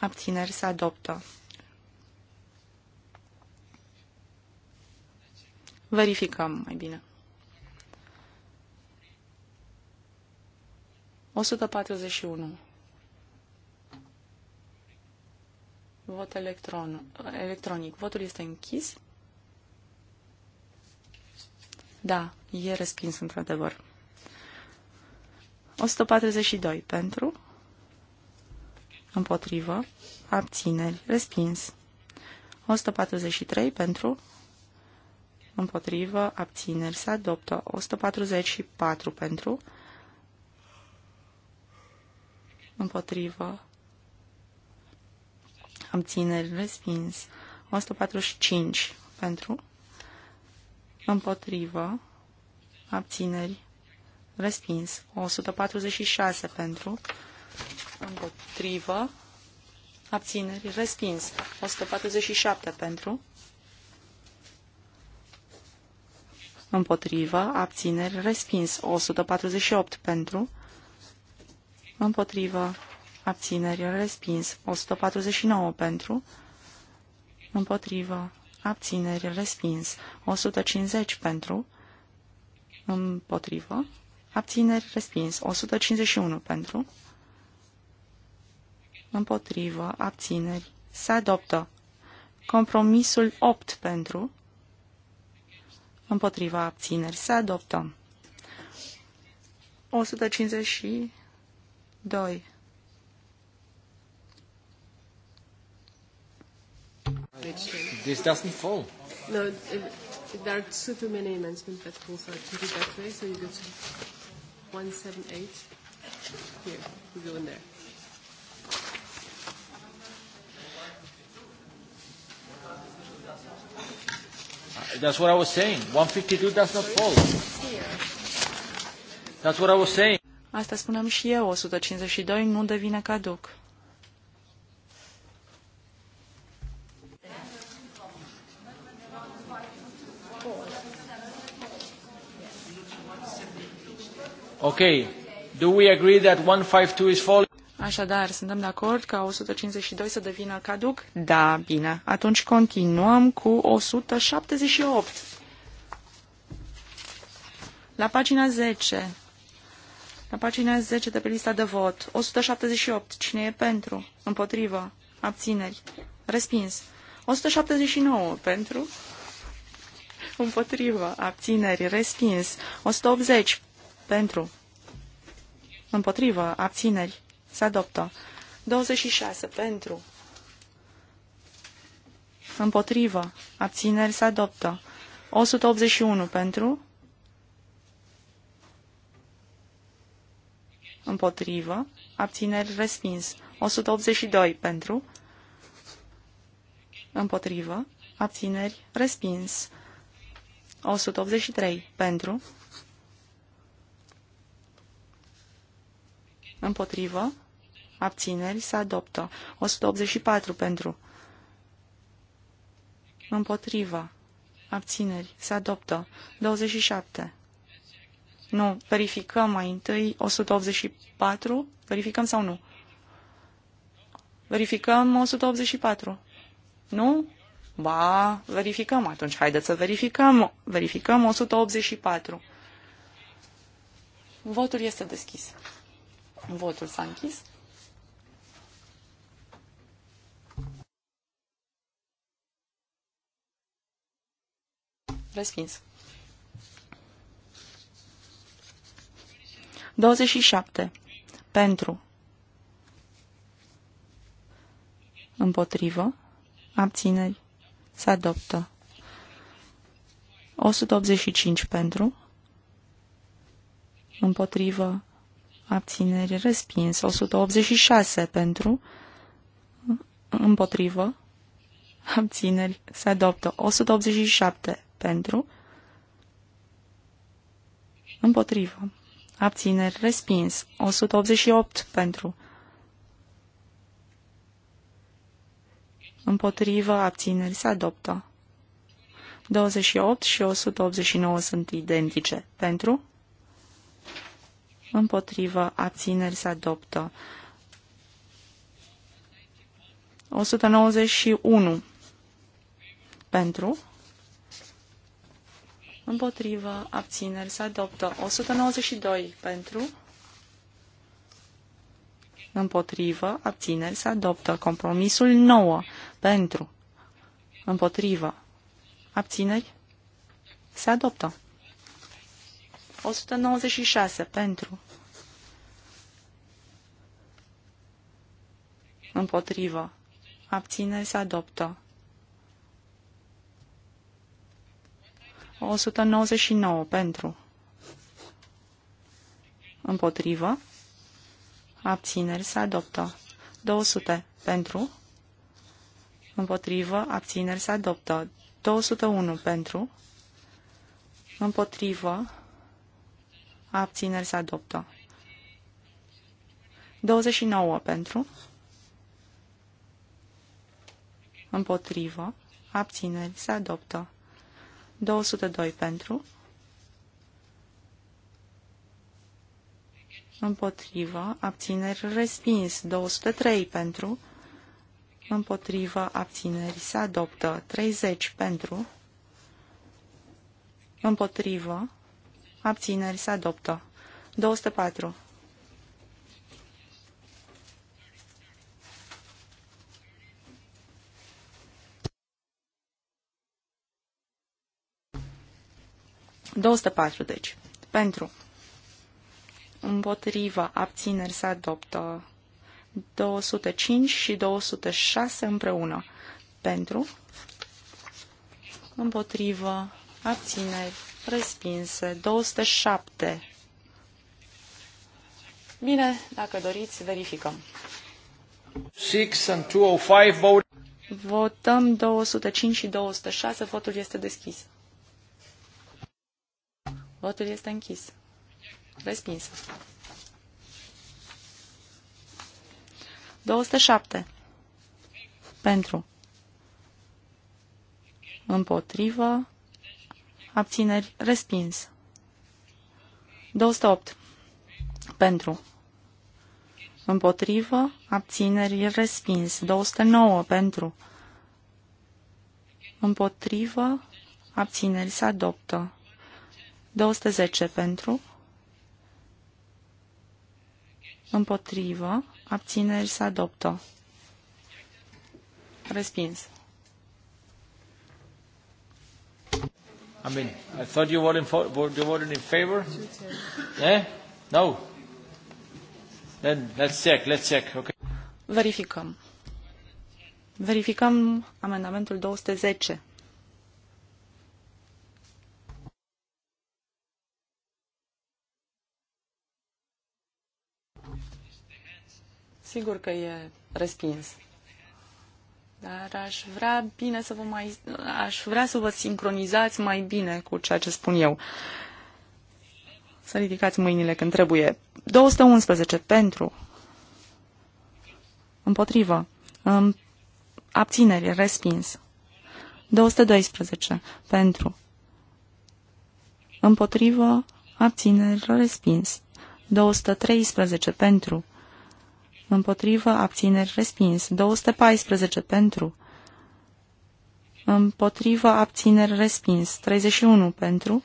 abțineri, se adoptă. Verificăm mai bine. 141. Vot electron, electronic. Votul este închis. Da, e respins într-adevăr. 142 pentru, împotrivă, abțineri, respins. 143 pentru, împotrivă, abțineri, se adoptă. 144 pentru, împotrivă, abțineri, respins. 145 pentru, împotrivă, abțineri, respins. 146 pentru, împotrivă, abțineri, respins. 147 pentru, împotrivă, abțineri, respins. 148 pentru, împotrivă, abțineri, respins. 149 pentru, împotrivă, abțineri, respins. 150 pentru, împotrivă, abțineri, respins. 151 pentru, împotrivă, abțineri, se adoptă. Compromisul 8 pentru, împotriva abțineri, se adoptă. 152 This doesn't fall. No, it, there are too, too many amendments that fall, so I took it that way. So you go to 178. Here, we go in there. Uh, that's what I was saying. 152 does not fall. That's what I was saying. Asta spunem și eu, 152 nu devine caduc. Ok. Do we agree that 152 is falling? Așadar, suntem de acord ca 152 să devină caduc? Da, bine. Atunci continuăm cu 178. La pagina 10. La pagina 10 de pe lista de vot. 178. Cine e pentru? Împotrivă. Abțineri. Respins. 179. Pentru? Împotrivă. Abțineri. Respins. 180 pentru, împotrivă, abțineri, se adoptă. 26 pentru, împotrivă, abțineri, se adoptă. 181 pentru, împotrivă, abțineri, respins. 182 pentru, împotrivă, abțineri, respins. 183 pentru, Împotrivă. Abțineri. Se adoptă. 184 pentru. Împotrivă. Abțineri. Se adoptă. 27. Nu. Verificăm mai întâi 184. Verificăm sau nu? Verificăm 184. Nu? Ba, verificăm atunci. Haideți să verificăm. Verificăm 184. Votul este deschis. Votul s-a închis. Respins. 27. Pentru. Împotrivă. Abțineri. Se adoptă. 185 pentru. Împotrivă abțineri, respins. 186 pentru, împotrivă, abțineri, se adoptă. 187 pentru, împotrivă, abțineri, respins. 188 pentru, împotrivă, abțineri, se adoptă. 28 și 189 sunt identice. Pentru? împotrivă, abțineri se adoptă. 191 pentru, împotrivă, abțineri se adoptă. 192 pentru, împotrivă, abțineri se adoptă. Compromisul 9 pentru, împotrivă, abțineri se adoptă. 196 pentru, Împotrivă. Abțineri se adoptă. 199 pentru. Împotrivă. Abțineri se adoptă. 200 pentru. Împotrivă. Abțineri se adoptă. 201 pentru. Împotrivă. Abțineri se adoptă. 29 pentru împotrivă, abțineri, se adoptă. 202 pentru, împotrivă, abțineri, respins. 203 pentru, împotrivă, abțineri, se adoptă. 30 pentru, împotrivă, abțineri, se adoptă. 204 204, deci. Pentru. împotriva Abțineri se adoptă. 205 și 206 împreună. Pentru. împotriva Abțineri. Respinse. 207. Bine, dacă doriți, verificăm. 6 and 205 vote. Votăm 205 și 206. Votul este deschis. Votul este închis. Respins. 207. Pentru. Împotrivă. Abțineri. Respins. 208. Pentru. Împotrivă. Abțineri. Respins. 209. Pentru. Împotrivă. Abțineri. Se adoptă. 210 pentru, împotrivă, abțineri să adoptă. Respins. I mean, I thought you were in, for, you were in favor. Eh? No. Then let's check, let's check. Okay. Verificăm. Verificăm amendamentul 210. Sigur că e respins. Dar aș vrea bine să vă mai aș vrea să vă sincronizați mai bine cu ceea ce spun eu. Să ridicați mâinile când trebuie. 211 pentru împotrivă abțineri respins. 212 pentru împotrivă abțineri respins. 213 pentru împotrivă, abțineri, respins. 214 pentru, împotrivă, abțineri, respins. 31 pentru,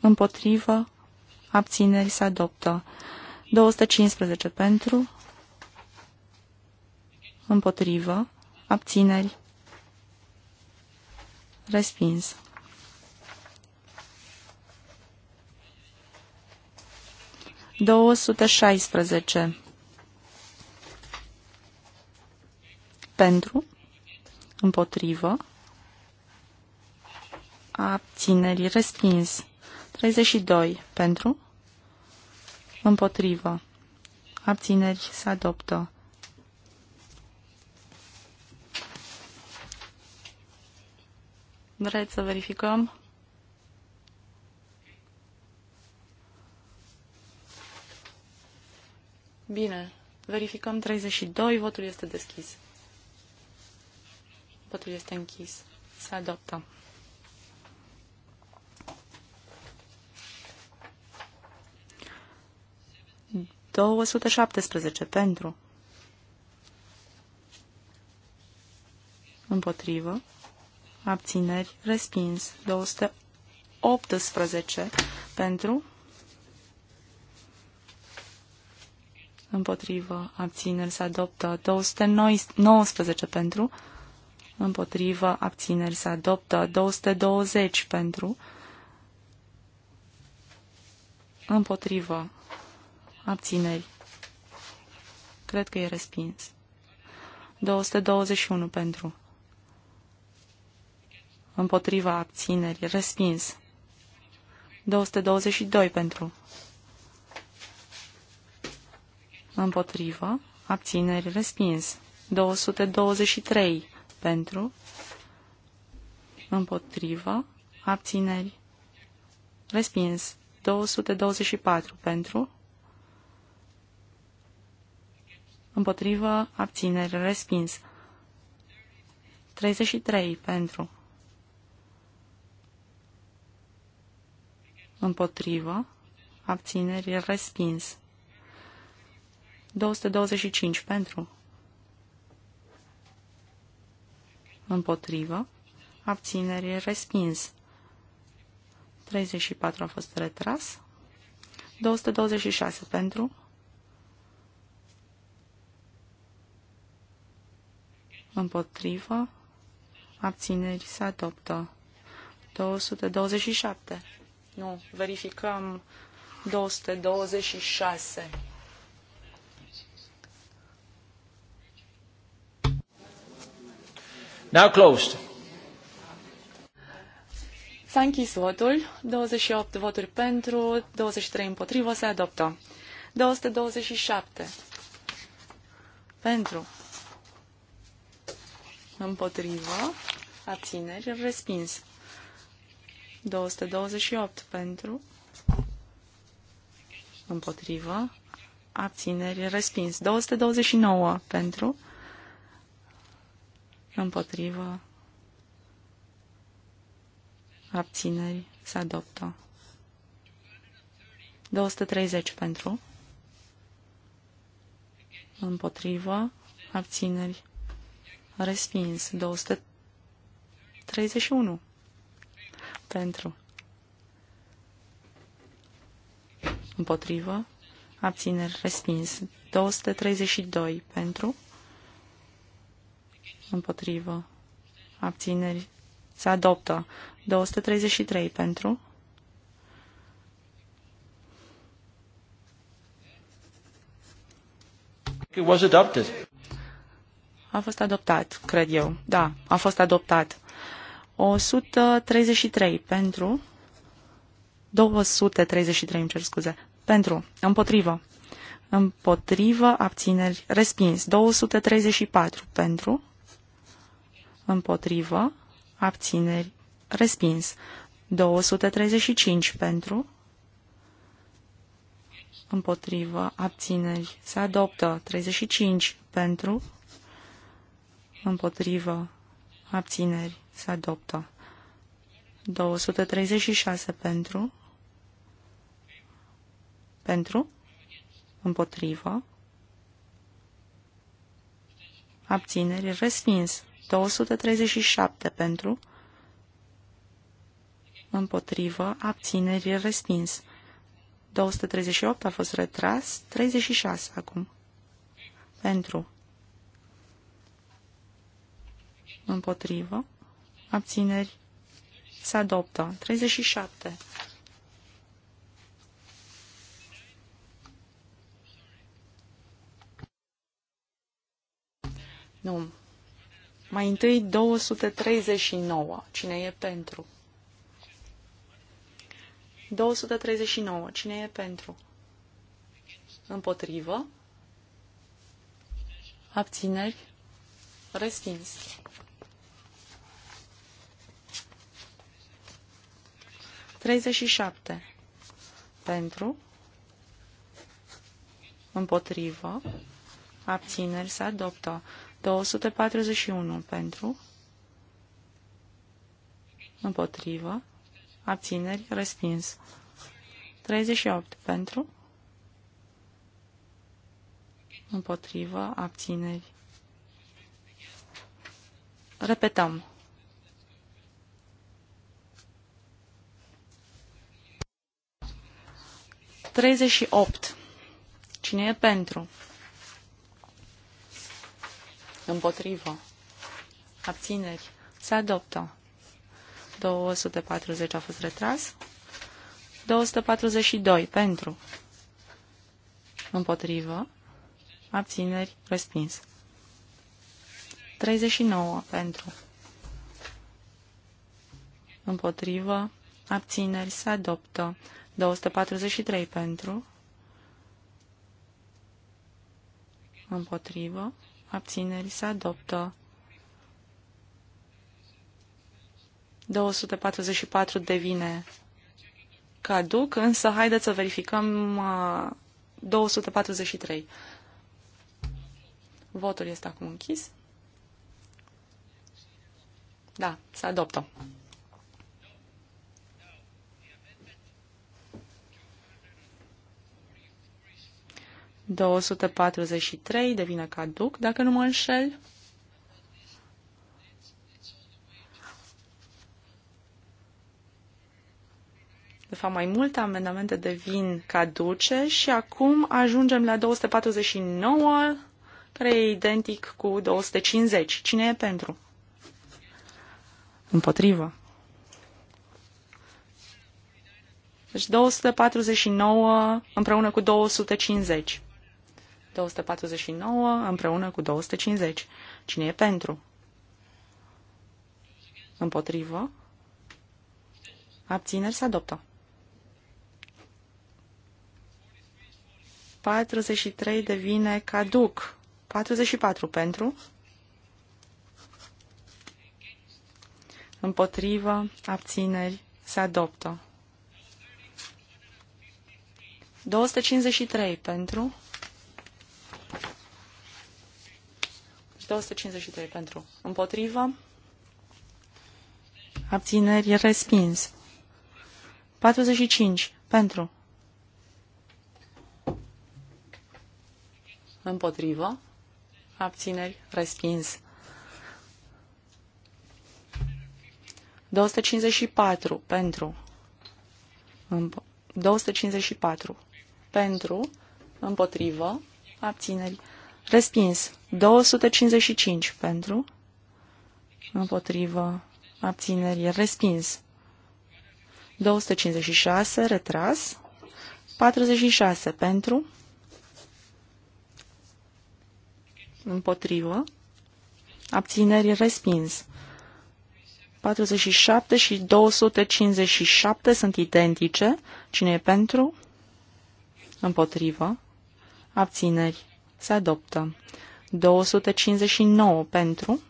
împotrivă, abțineri, se adoptă. 215 pentru, împotrivă, abțineri, respins. 216. Pentru, împotrivă, abținerii, respins. 32. Pentru, împotrivă, abțineri, se adoptă. Vreți să verificăm? Bine, verificăm 32, votul este deschis. Votul este închis. Se adoptă. Două sute șaptesprezece pentru. Împotrivă. Abțineri. Respins. optesprezece pentru. împotrivă, abțineri se adoptă 219 pentru, împotrivă, abțineri se adoptă 220 pentru, împotrivă, abțineri, cred că e respins, 221 pentru, împotriva abțineri, respins, 222 pentru, împotrivă, abțineri, respins. 223 pentru, împotrivă, abțineri, respins. 224 pentru, împotrivă, abțineri, respins. 33 pentru, împotrivă, abțineri, respins. 225 pentru. Împotrivă. Abțineri respins. 34 a fost retras. 226 pentru. Împotrivă. Abțineri se adoptă. 227. Nu, verificăm 226. Now closed. S-a închis votul. 28 voturi pentru, 23 împotrivă. Se adoptă. 227 pentru, împotrivă, abțineri, respins. 228 pentru, împotrivă, abțineri, respins. 229 pentru, împotrivă, abțineri, se adoptă. 230 pentru, împotrivă, abțineri, respins, 231 pentru, împotrivă, abțineri, respins, 232 pentru, împotrivă, abțineri, se adoptă. 233 pentru, It was adopted. A fost adoptat, cred eu. Da, a fost adoptat. 133 pentru 233, îmi cer scuze. Pentru, împotrivă. Împotrivă, abțineri, respins. 234 pentru, împotrivă, abțineri, respins. 235 pentru, împotrivă, abțineri, se adoptă. 35 pentru, împotrivă, abțineri, se adoptă. 236 pentru, pentru, împotrivă, abțineri, respins. 237 pentru, împotrivă, abțineri, respins. 238 a fost retras, 36 acum. Pentru. Împotrivă. Abțineri. Se adoptă. 37. Nu. Mai întâi 239. Cine e pentru? 239. Cine e pentru? Împotrivă? Abțineri? Respins. Treizeci și șapte. Pentru. Împotrivă. Abțineri se adoptă. 241 pentru, împotrivă, abțineri, respins. 38 pentru, împotrivă, abțineri. Repetăm. Treizeci și opt. Cine e pentru? Împotrivă. Abțineri. Se adoptă. 240 a fost retras. 242 pentru. Împotrivă. Abțineri. Respins. 39 pentru. Împotrivă. Abțineri. Se adoptă. 243 pentru. Împotrivă abțineri, se adoptă. 244 devine caduc, însă haideți să verificăm uh, 243. Votul este acum închis. Da, se adoptă. 243 devine caduc, dacă nu mă înșel. De fapt, mai multe amendamente devin caduce și acum ajungem la 249, care e identic cu 250. Cine e pentru? Împotrivă. Deci 249 împreună cu 250. 249 împreună cu 250. Cine e pentru? Împotrivă? Abțineri se adoptă. 43 devine caduc. 44 pentru. Împotrivă, abțineri, se adoptă. 253 pentru. 253 pentru. Împotrivă. Abțineri respins. 45 pentru. Împotrivă. Abțineri respins. 254 pentru. 254 pentru. Împotrivă. Abțineri Respins. 255 pentru. Împotrivă. Abținerii. Respins. 256. Retras. 46 pentru. Împotrivă. Abținerii. Respins. 47 și 257 sunt identice. Cine e pentru? Împotrivă. Abțineri. Se adoptă. 259 pentru.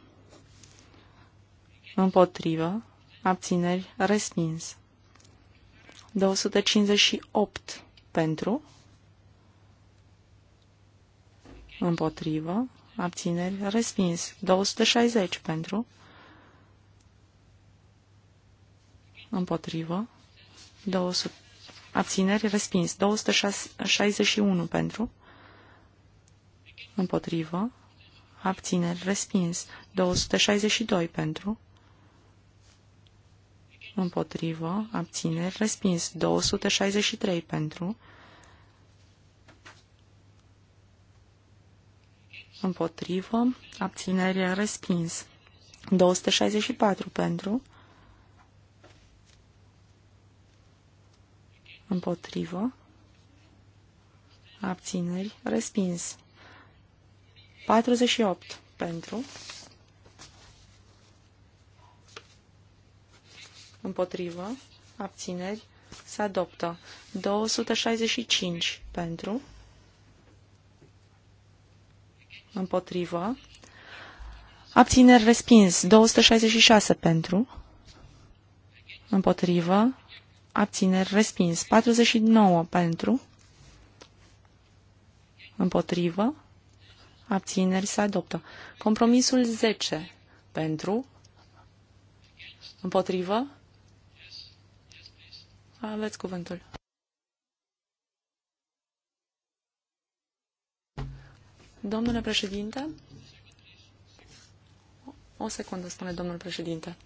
Împotrivă. Abțineri. Respins. 258 pentru. Împotrivă. Abțineri. Respins. 260 pentru. Împotrivă. 200. Abțineri. Respins. 261 pentru împotrivă, abțineri, respins. 262 pentru, împotrivă, abțineri, respins. 263 pentru, împotrivă, abținere, respins. 264 pentru, împotrivă, abțineri, respins. 48 pentru, împotrivă, abțineri, se adoptă. 265 pentru, împotrivă, abțineri, respins. 266 pentru, împotrivă, abțineri, respins. 49 pentru, împotrivă, abțineri se adoptă. Compromisul 10 pentru, împotrivă, aveți cuvântul. Domnule președinte, o secundă, spune domnul președinte.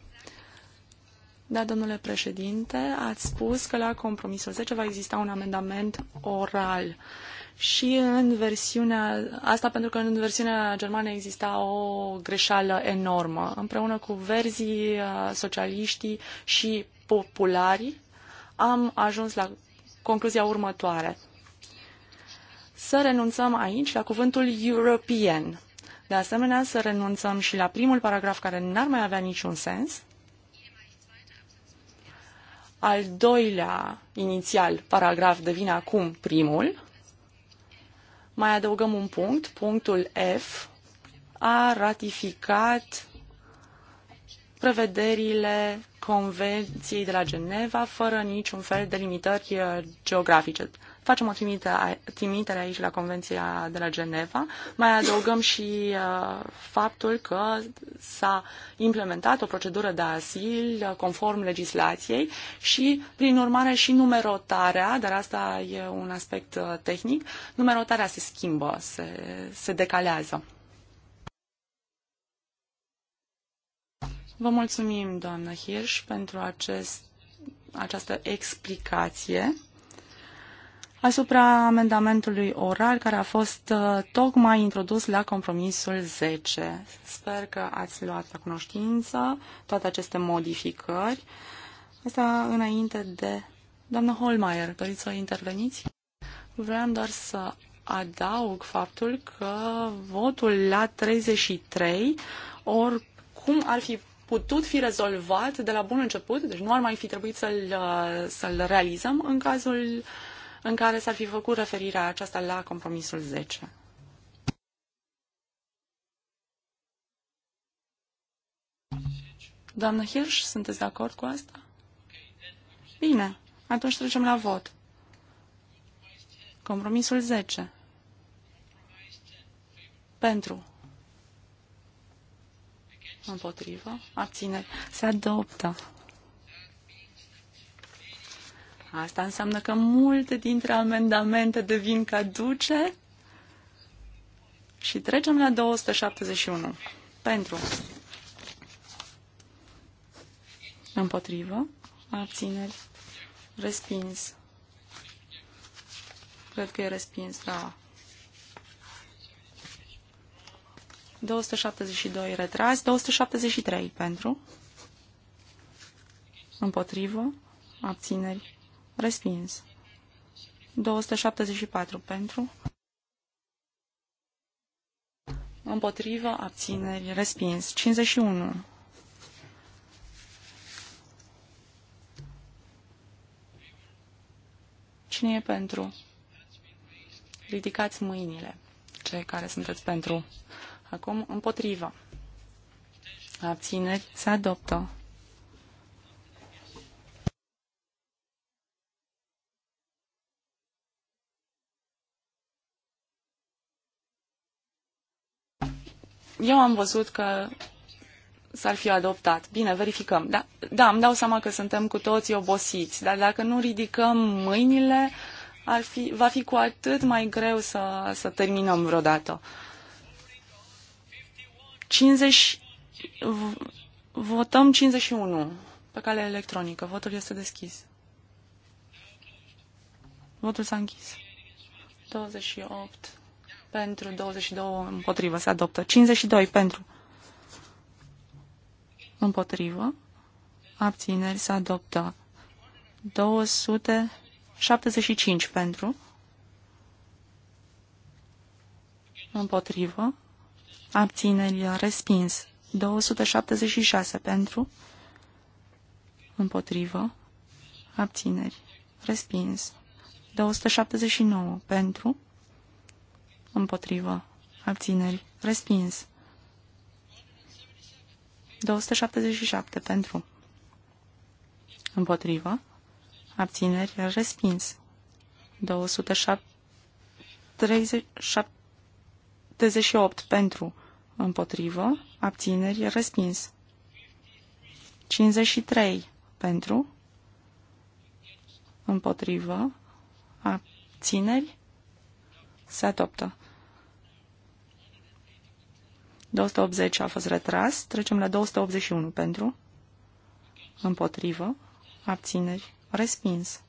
Da, domnule președinte, ați spus că la compromisul 10 va exista un amendament oral și în versiunea, asta pentru că în versiunea germană exista o greșeală enormă. Împreună cu verzii, uh, socialiștii și popularii am ajuns la concluzia următoare. Să renunțăm aici la cuvântul European. De asemenea, să renunțăm și la primul paragraf care n-ar mai avea niciun sens. Al doilea inițial paragraf devine acum primul mai adăugăm un punct, punctul F a ratificat prevederile Convenției de la Geneva fără niciun fel de limitări uh, geografice. Facem o trimitere, aici la Convenția de la Geneva. Mai adăugăm și uh, faptul că s-a implementat o procedură de asil conform legislației și, prin urmare, și numerotarea, dar asta e un aspect uh, tehnic, numerotarea se schimbă, se, se decalează. Vă mulțumim, doamnă Hirsch, pentru acest, această explicație asupra amendamentului oral care a fost uh, tocmai introdus la compromisul 10. Sper că ați luat la cunoștință toate aceste modificări. Asta înainte de... Doamna Holmeier, doriți să interveniți? Vreau doar să adaug faptul că votul la 33 oricum ar fi putut fi rezolvat de la bun început, deci nu ar mai fi trebuit să-l, uh, să, -l, realizăm în cazul uh, în care s-ar fi făcut referirea aceasta la compromisul 10. Doamnă Hirsch, sunteți de acord cu asta? Bine, atunci trecem la vot. Compromisul 10. Pentru. Împotrivă. Abțineri. Se adoptă. Asta înseamnă că multe dintre amendamente devin caduce și trecem la 271. Pentru. Împotrivă. Abțineri. Respins. Cred că e respins, da. 272 retras, 273 pentru, împotrivă, abțineri, Respins. 274 pentru. Împotrivă, abțineri, respins. 51. Cine e pentru? Ridicați mâinile, cei care sunteți pentru. Acum, împotrivă. Abțineri, se adoptă. eu am văzut că s-ar fi adoptat. Bine, verificăm. Da, da, îmi dau seama că suntem cu toții obosiți, dar dacă nu ridicăm mâinile, ar fi, va fi cu atât mai greu să, să terminăm vreodată. 50, votăm 51 pe cale electronică. Votul este deschis. Votul s-a închis. 28 pentru 22 împotrivă se adoptă. 52 pentru împotrivă. Abțineri se adoptă. 275 pentru împotrivă. Abțineri respins. 276 pentru împotrivă. Abțineri respins. 279 pentru Împotrivă. Abțineri. Respins. 277 pentru. Împotrivă. Abțineri. Respins. 278 pentru. Împotrivă. Abțineri. Respins. 53 pentru. Împotrivă. Abțineri. Se adoptă. 280 a fost retras. Trecem la 281 pentru. Împotrivă. Abțineri. Respins.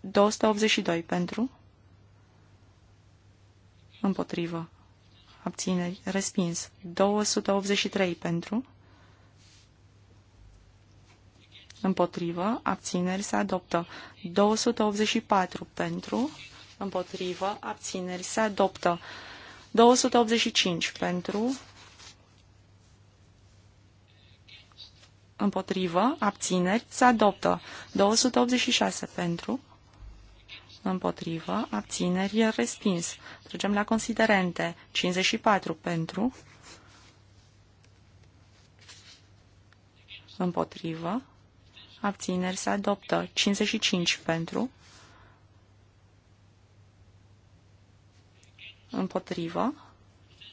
282 pentru. Împotrivă. Abțineri. Respins. 283 pentru. Împotrivă. Abțineri. Se adoptă. 284 pentru. Împotrivă. Abțineri. Se adoptă. 285 pentru, împotrivă, abțineri, se adoptă. 286 pentru, împotrivă, abțineri, e respins. Trecem la considerente. 54 pentru, împotrivă, abțineri, se adoptă. 55 pentru, Împotrivă.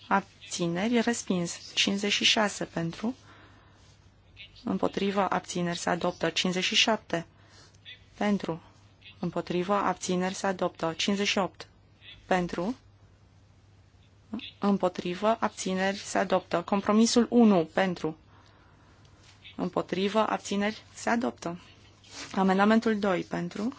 Abțineri. Respins. 56 pentru. Împotrivă. Abțineri. Se adoptă. 57 pentru. Împotrivă. Abțineri. Se adoptă. 58 pentru. Împotrivă. Abțineri. Se adoptă. Compromisul 1 pentru. Împotrivă. Abțineri. Se adoptă. Amendamentul 2 pentru.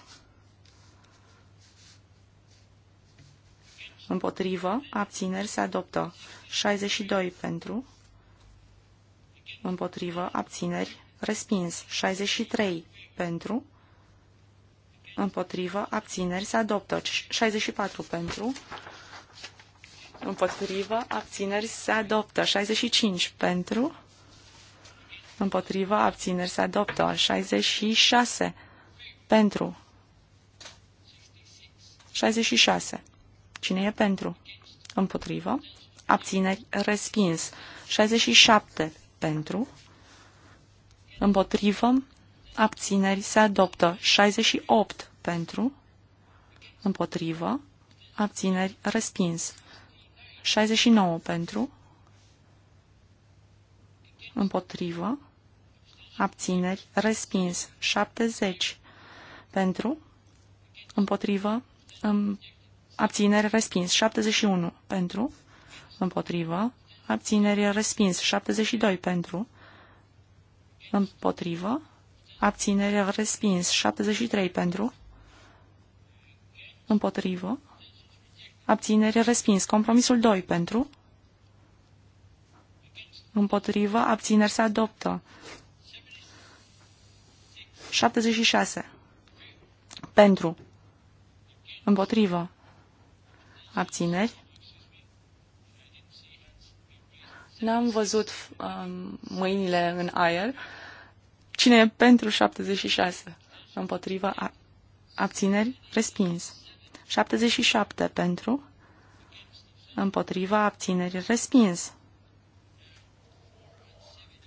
Împotrivă. Abțineri se adoptă. 62 pentru. Împotrivă. Abțineri. Respins. 63 pentru. Împotrivă. Abțineri se adoptă. 64 pentru. Împotrivă. Abțineri se adoptă. 65 pentru. Împotrivă. Abțineri se adoptă. 66 pentru. 66. Cine e pentru? Împotrivă. Abțineri. Respins. 67 pentru. Împotrivă. Abțineri. Se adoptă. 68 pentru. Împotrivă. Abțineri. Respins. 69 pentru. Împotrivă. Abțineri. Respins. 70 pentru. Împotrivă. Împotrivă abțineri, respins. 71 pentru, împotrivă, abțineri, respins. 72 pentru, împotrivă, abțineri, respins. 73 pentru, împotrivă, abțineri, respins. Compromisul 2 pentru, împotrivă, abțineri, se adoptă. 76. Pentru. Împotrivă. Abțineri? N-am văzut um, mâinile în aer. Cine e pentru 76? Împotriva abțineri? Respins. 77 pentru? Împotriva abțineri? Respins.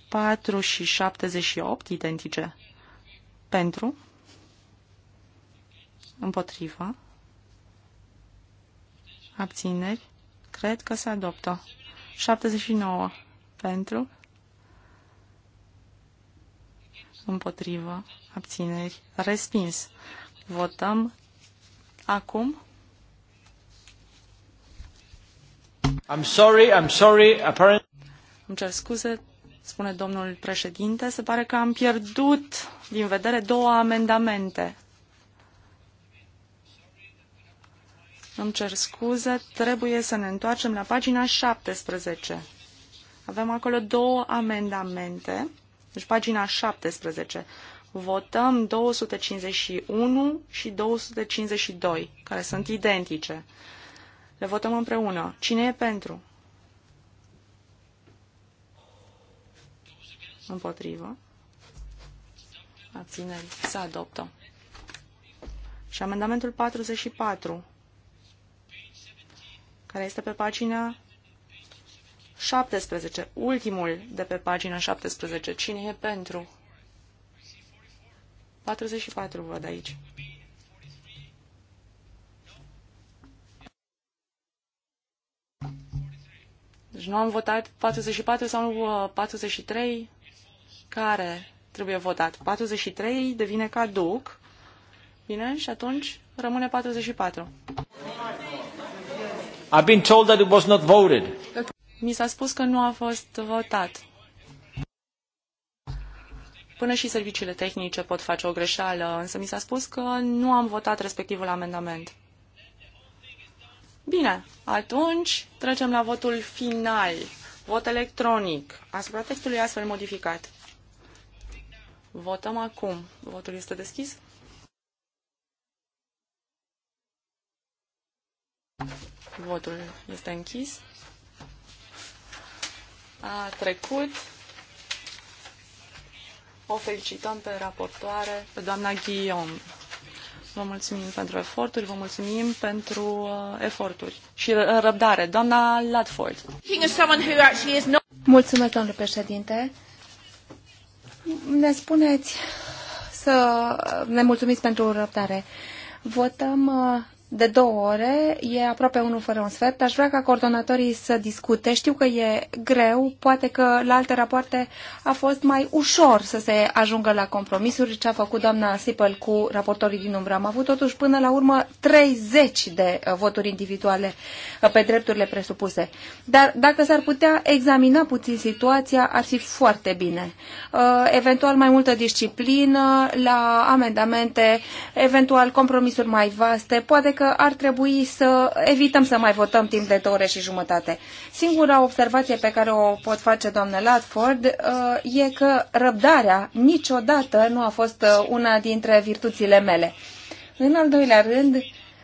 4 și 78 identice. Pentru? Împotriva? abțineri, cred că se adoptă. 79 pentru, împotrivă, abțineri, respins. Votăm acum. I'm sorry, I'm sorry, apparently. Îmi cer scuze, spune domnul președinte, se pare că am pierdut din vedere două amendamente. Îmi cer scuze, trebuie să ne întoarcem la pagina 17. Avem acolo două amendamente, deci pagina 17. Votăm 251 și 252, care sunt identice. Le votăm împreună. Cine e pentru? Împotrivă. Abțineri. Se adoptă. Și amendamentul 44 care este pe pagina 17, ultimul de pe pagina 17. Cine e pentru? 44 văd aici. Deci nu am votat 44 sau 43? Uh, care trebuie votat? 43 devine caduc. Bine? Și atunci rămâne 44. I've been told that it was not voted. Mi s-a spus că nu a fost votat. Până și serviciile tehnice pot face o greșeală, însă mi s-a spus că nu am votat respectivul amendament. Bine, atunci trecem la votul final. Vot electronic asupra textului astfel modificat. Votăm acum. Votul este deschis. Votul este închis. A trecut. O felicităm pe raportoare, pe doamna Guillaume. Vă mulțumim pentru eforturi, vă mulțumim pentru uh, eforturi și uh, răbdare. Doamna Ladford. Mulțumesc, domnule președinte. Ne spuneți să ne mulțumiți pentru răbdare. Votăm uh, de două ore, e aproape unul fără un sfert. Aș vrea ca coordonatorii să discute. Știu că e greu, poate că la alte rapoarte a fost mai ușor să se ajungă la compromisuri. Ce a făcut doamna Sipăl cu raportorii din umbră. Am avut totuși până la urmă 30 de uh, voturi individuale uh, pe drepturile presupuse. Dar dacă s-ar putea examina puțin situația, ar fi foarte bine. Uh, eventual mai multă disciplină la amendamente, eventual compromisuri mai vaste, poate că ar trebui să evităm să mai votăm timp de două ore și jumătate. Singura observație pe care o pot face doamnă Latford uh, e că răbdarea niciodată nu a fost uh, una dintre virtuțile mele. În al doilea rând,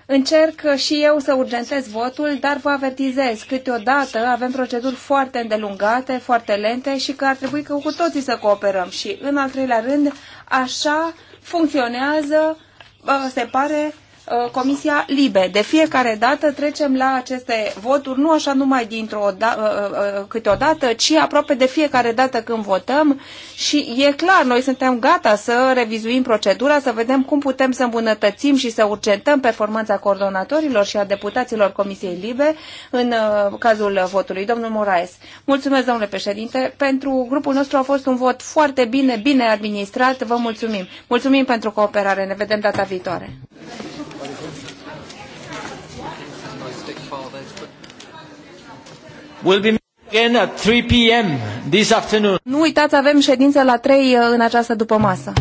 Încerc și eu să urgentez votul, dar vă avertizez, câteodată avem proceduri foarte îndelungate, foarte lente și că ar trebui cu toții să cooperăm. Și în al treilea rând, așa funcționează, uh, se pare, Uh, Comisia Libe. De fiecare dată trecem la aceste voturi, nu așa numai dintr-o da, uh, uh, câteodată, ci aproape de fiecare dată când votăm și e clar, noi suntem gata să revizuim procedura, să vedem cum putem să îmbunătățim și să urgentăm performanța coordonatorilor și a deputaților Comisiei Libe în cazul votului. Domnul Moraes, mulțumesc, domnule președinte, pentru grupul nostru a fost un vot foarte bine, bine administrat, vă mulțumim. Mulțumim pentru cooperare, ne vedem data viitoare. will be again at 3 p.m. this afternoon. Nu uitați, avem ședință la 3 uh, în această după masă.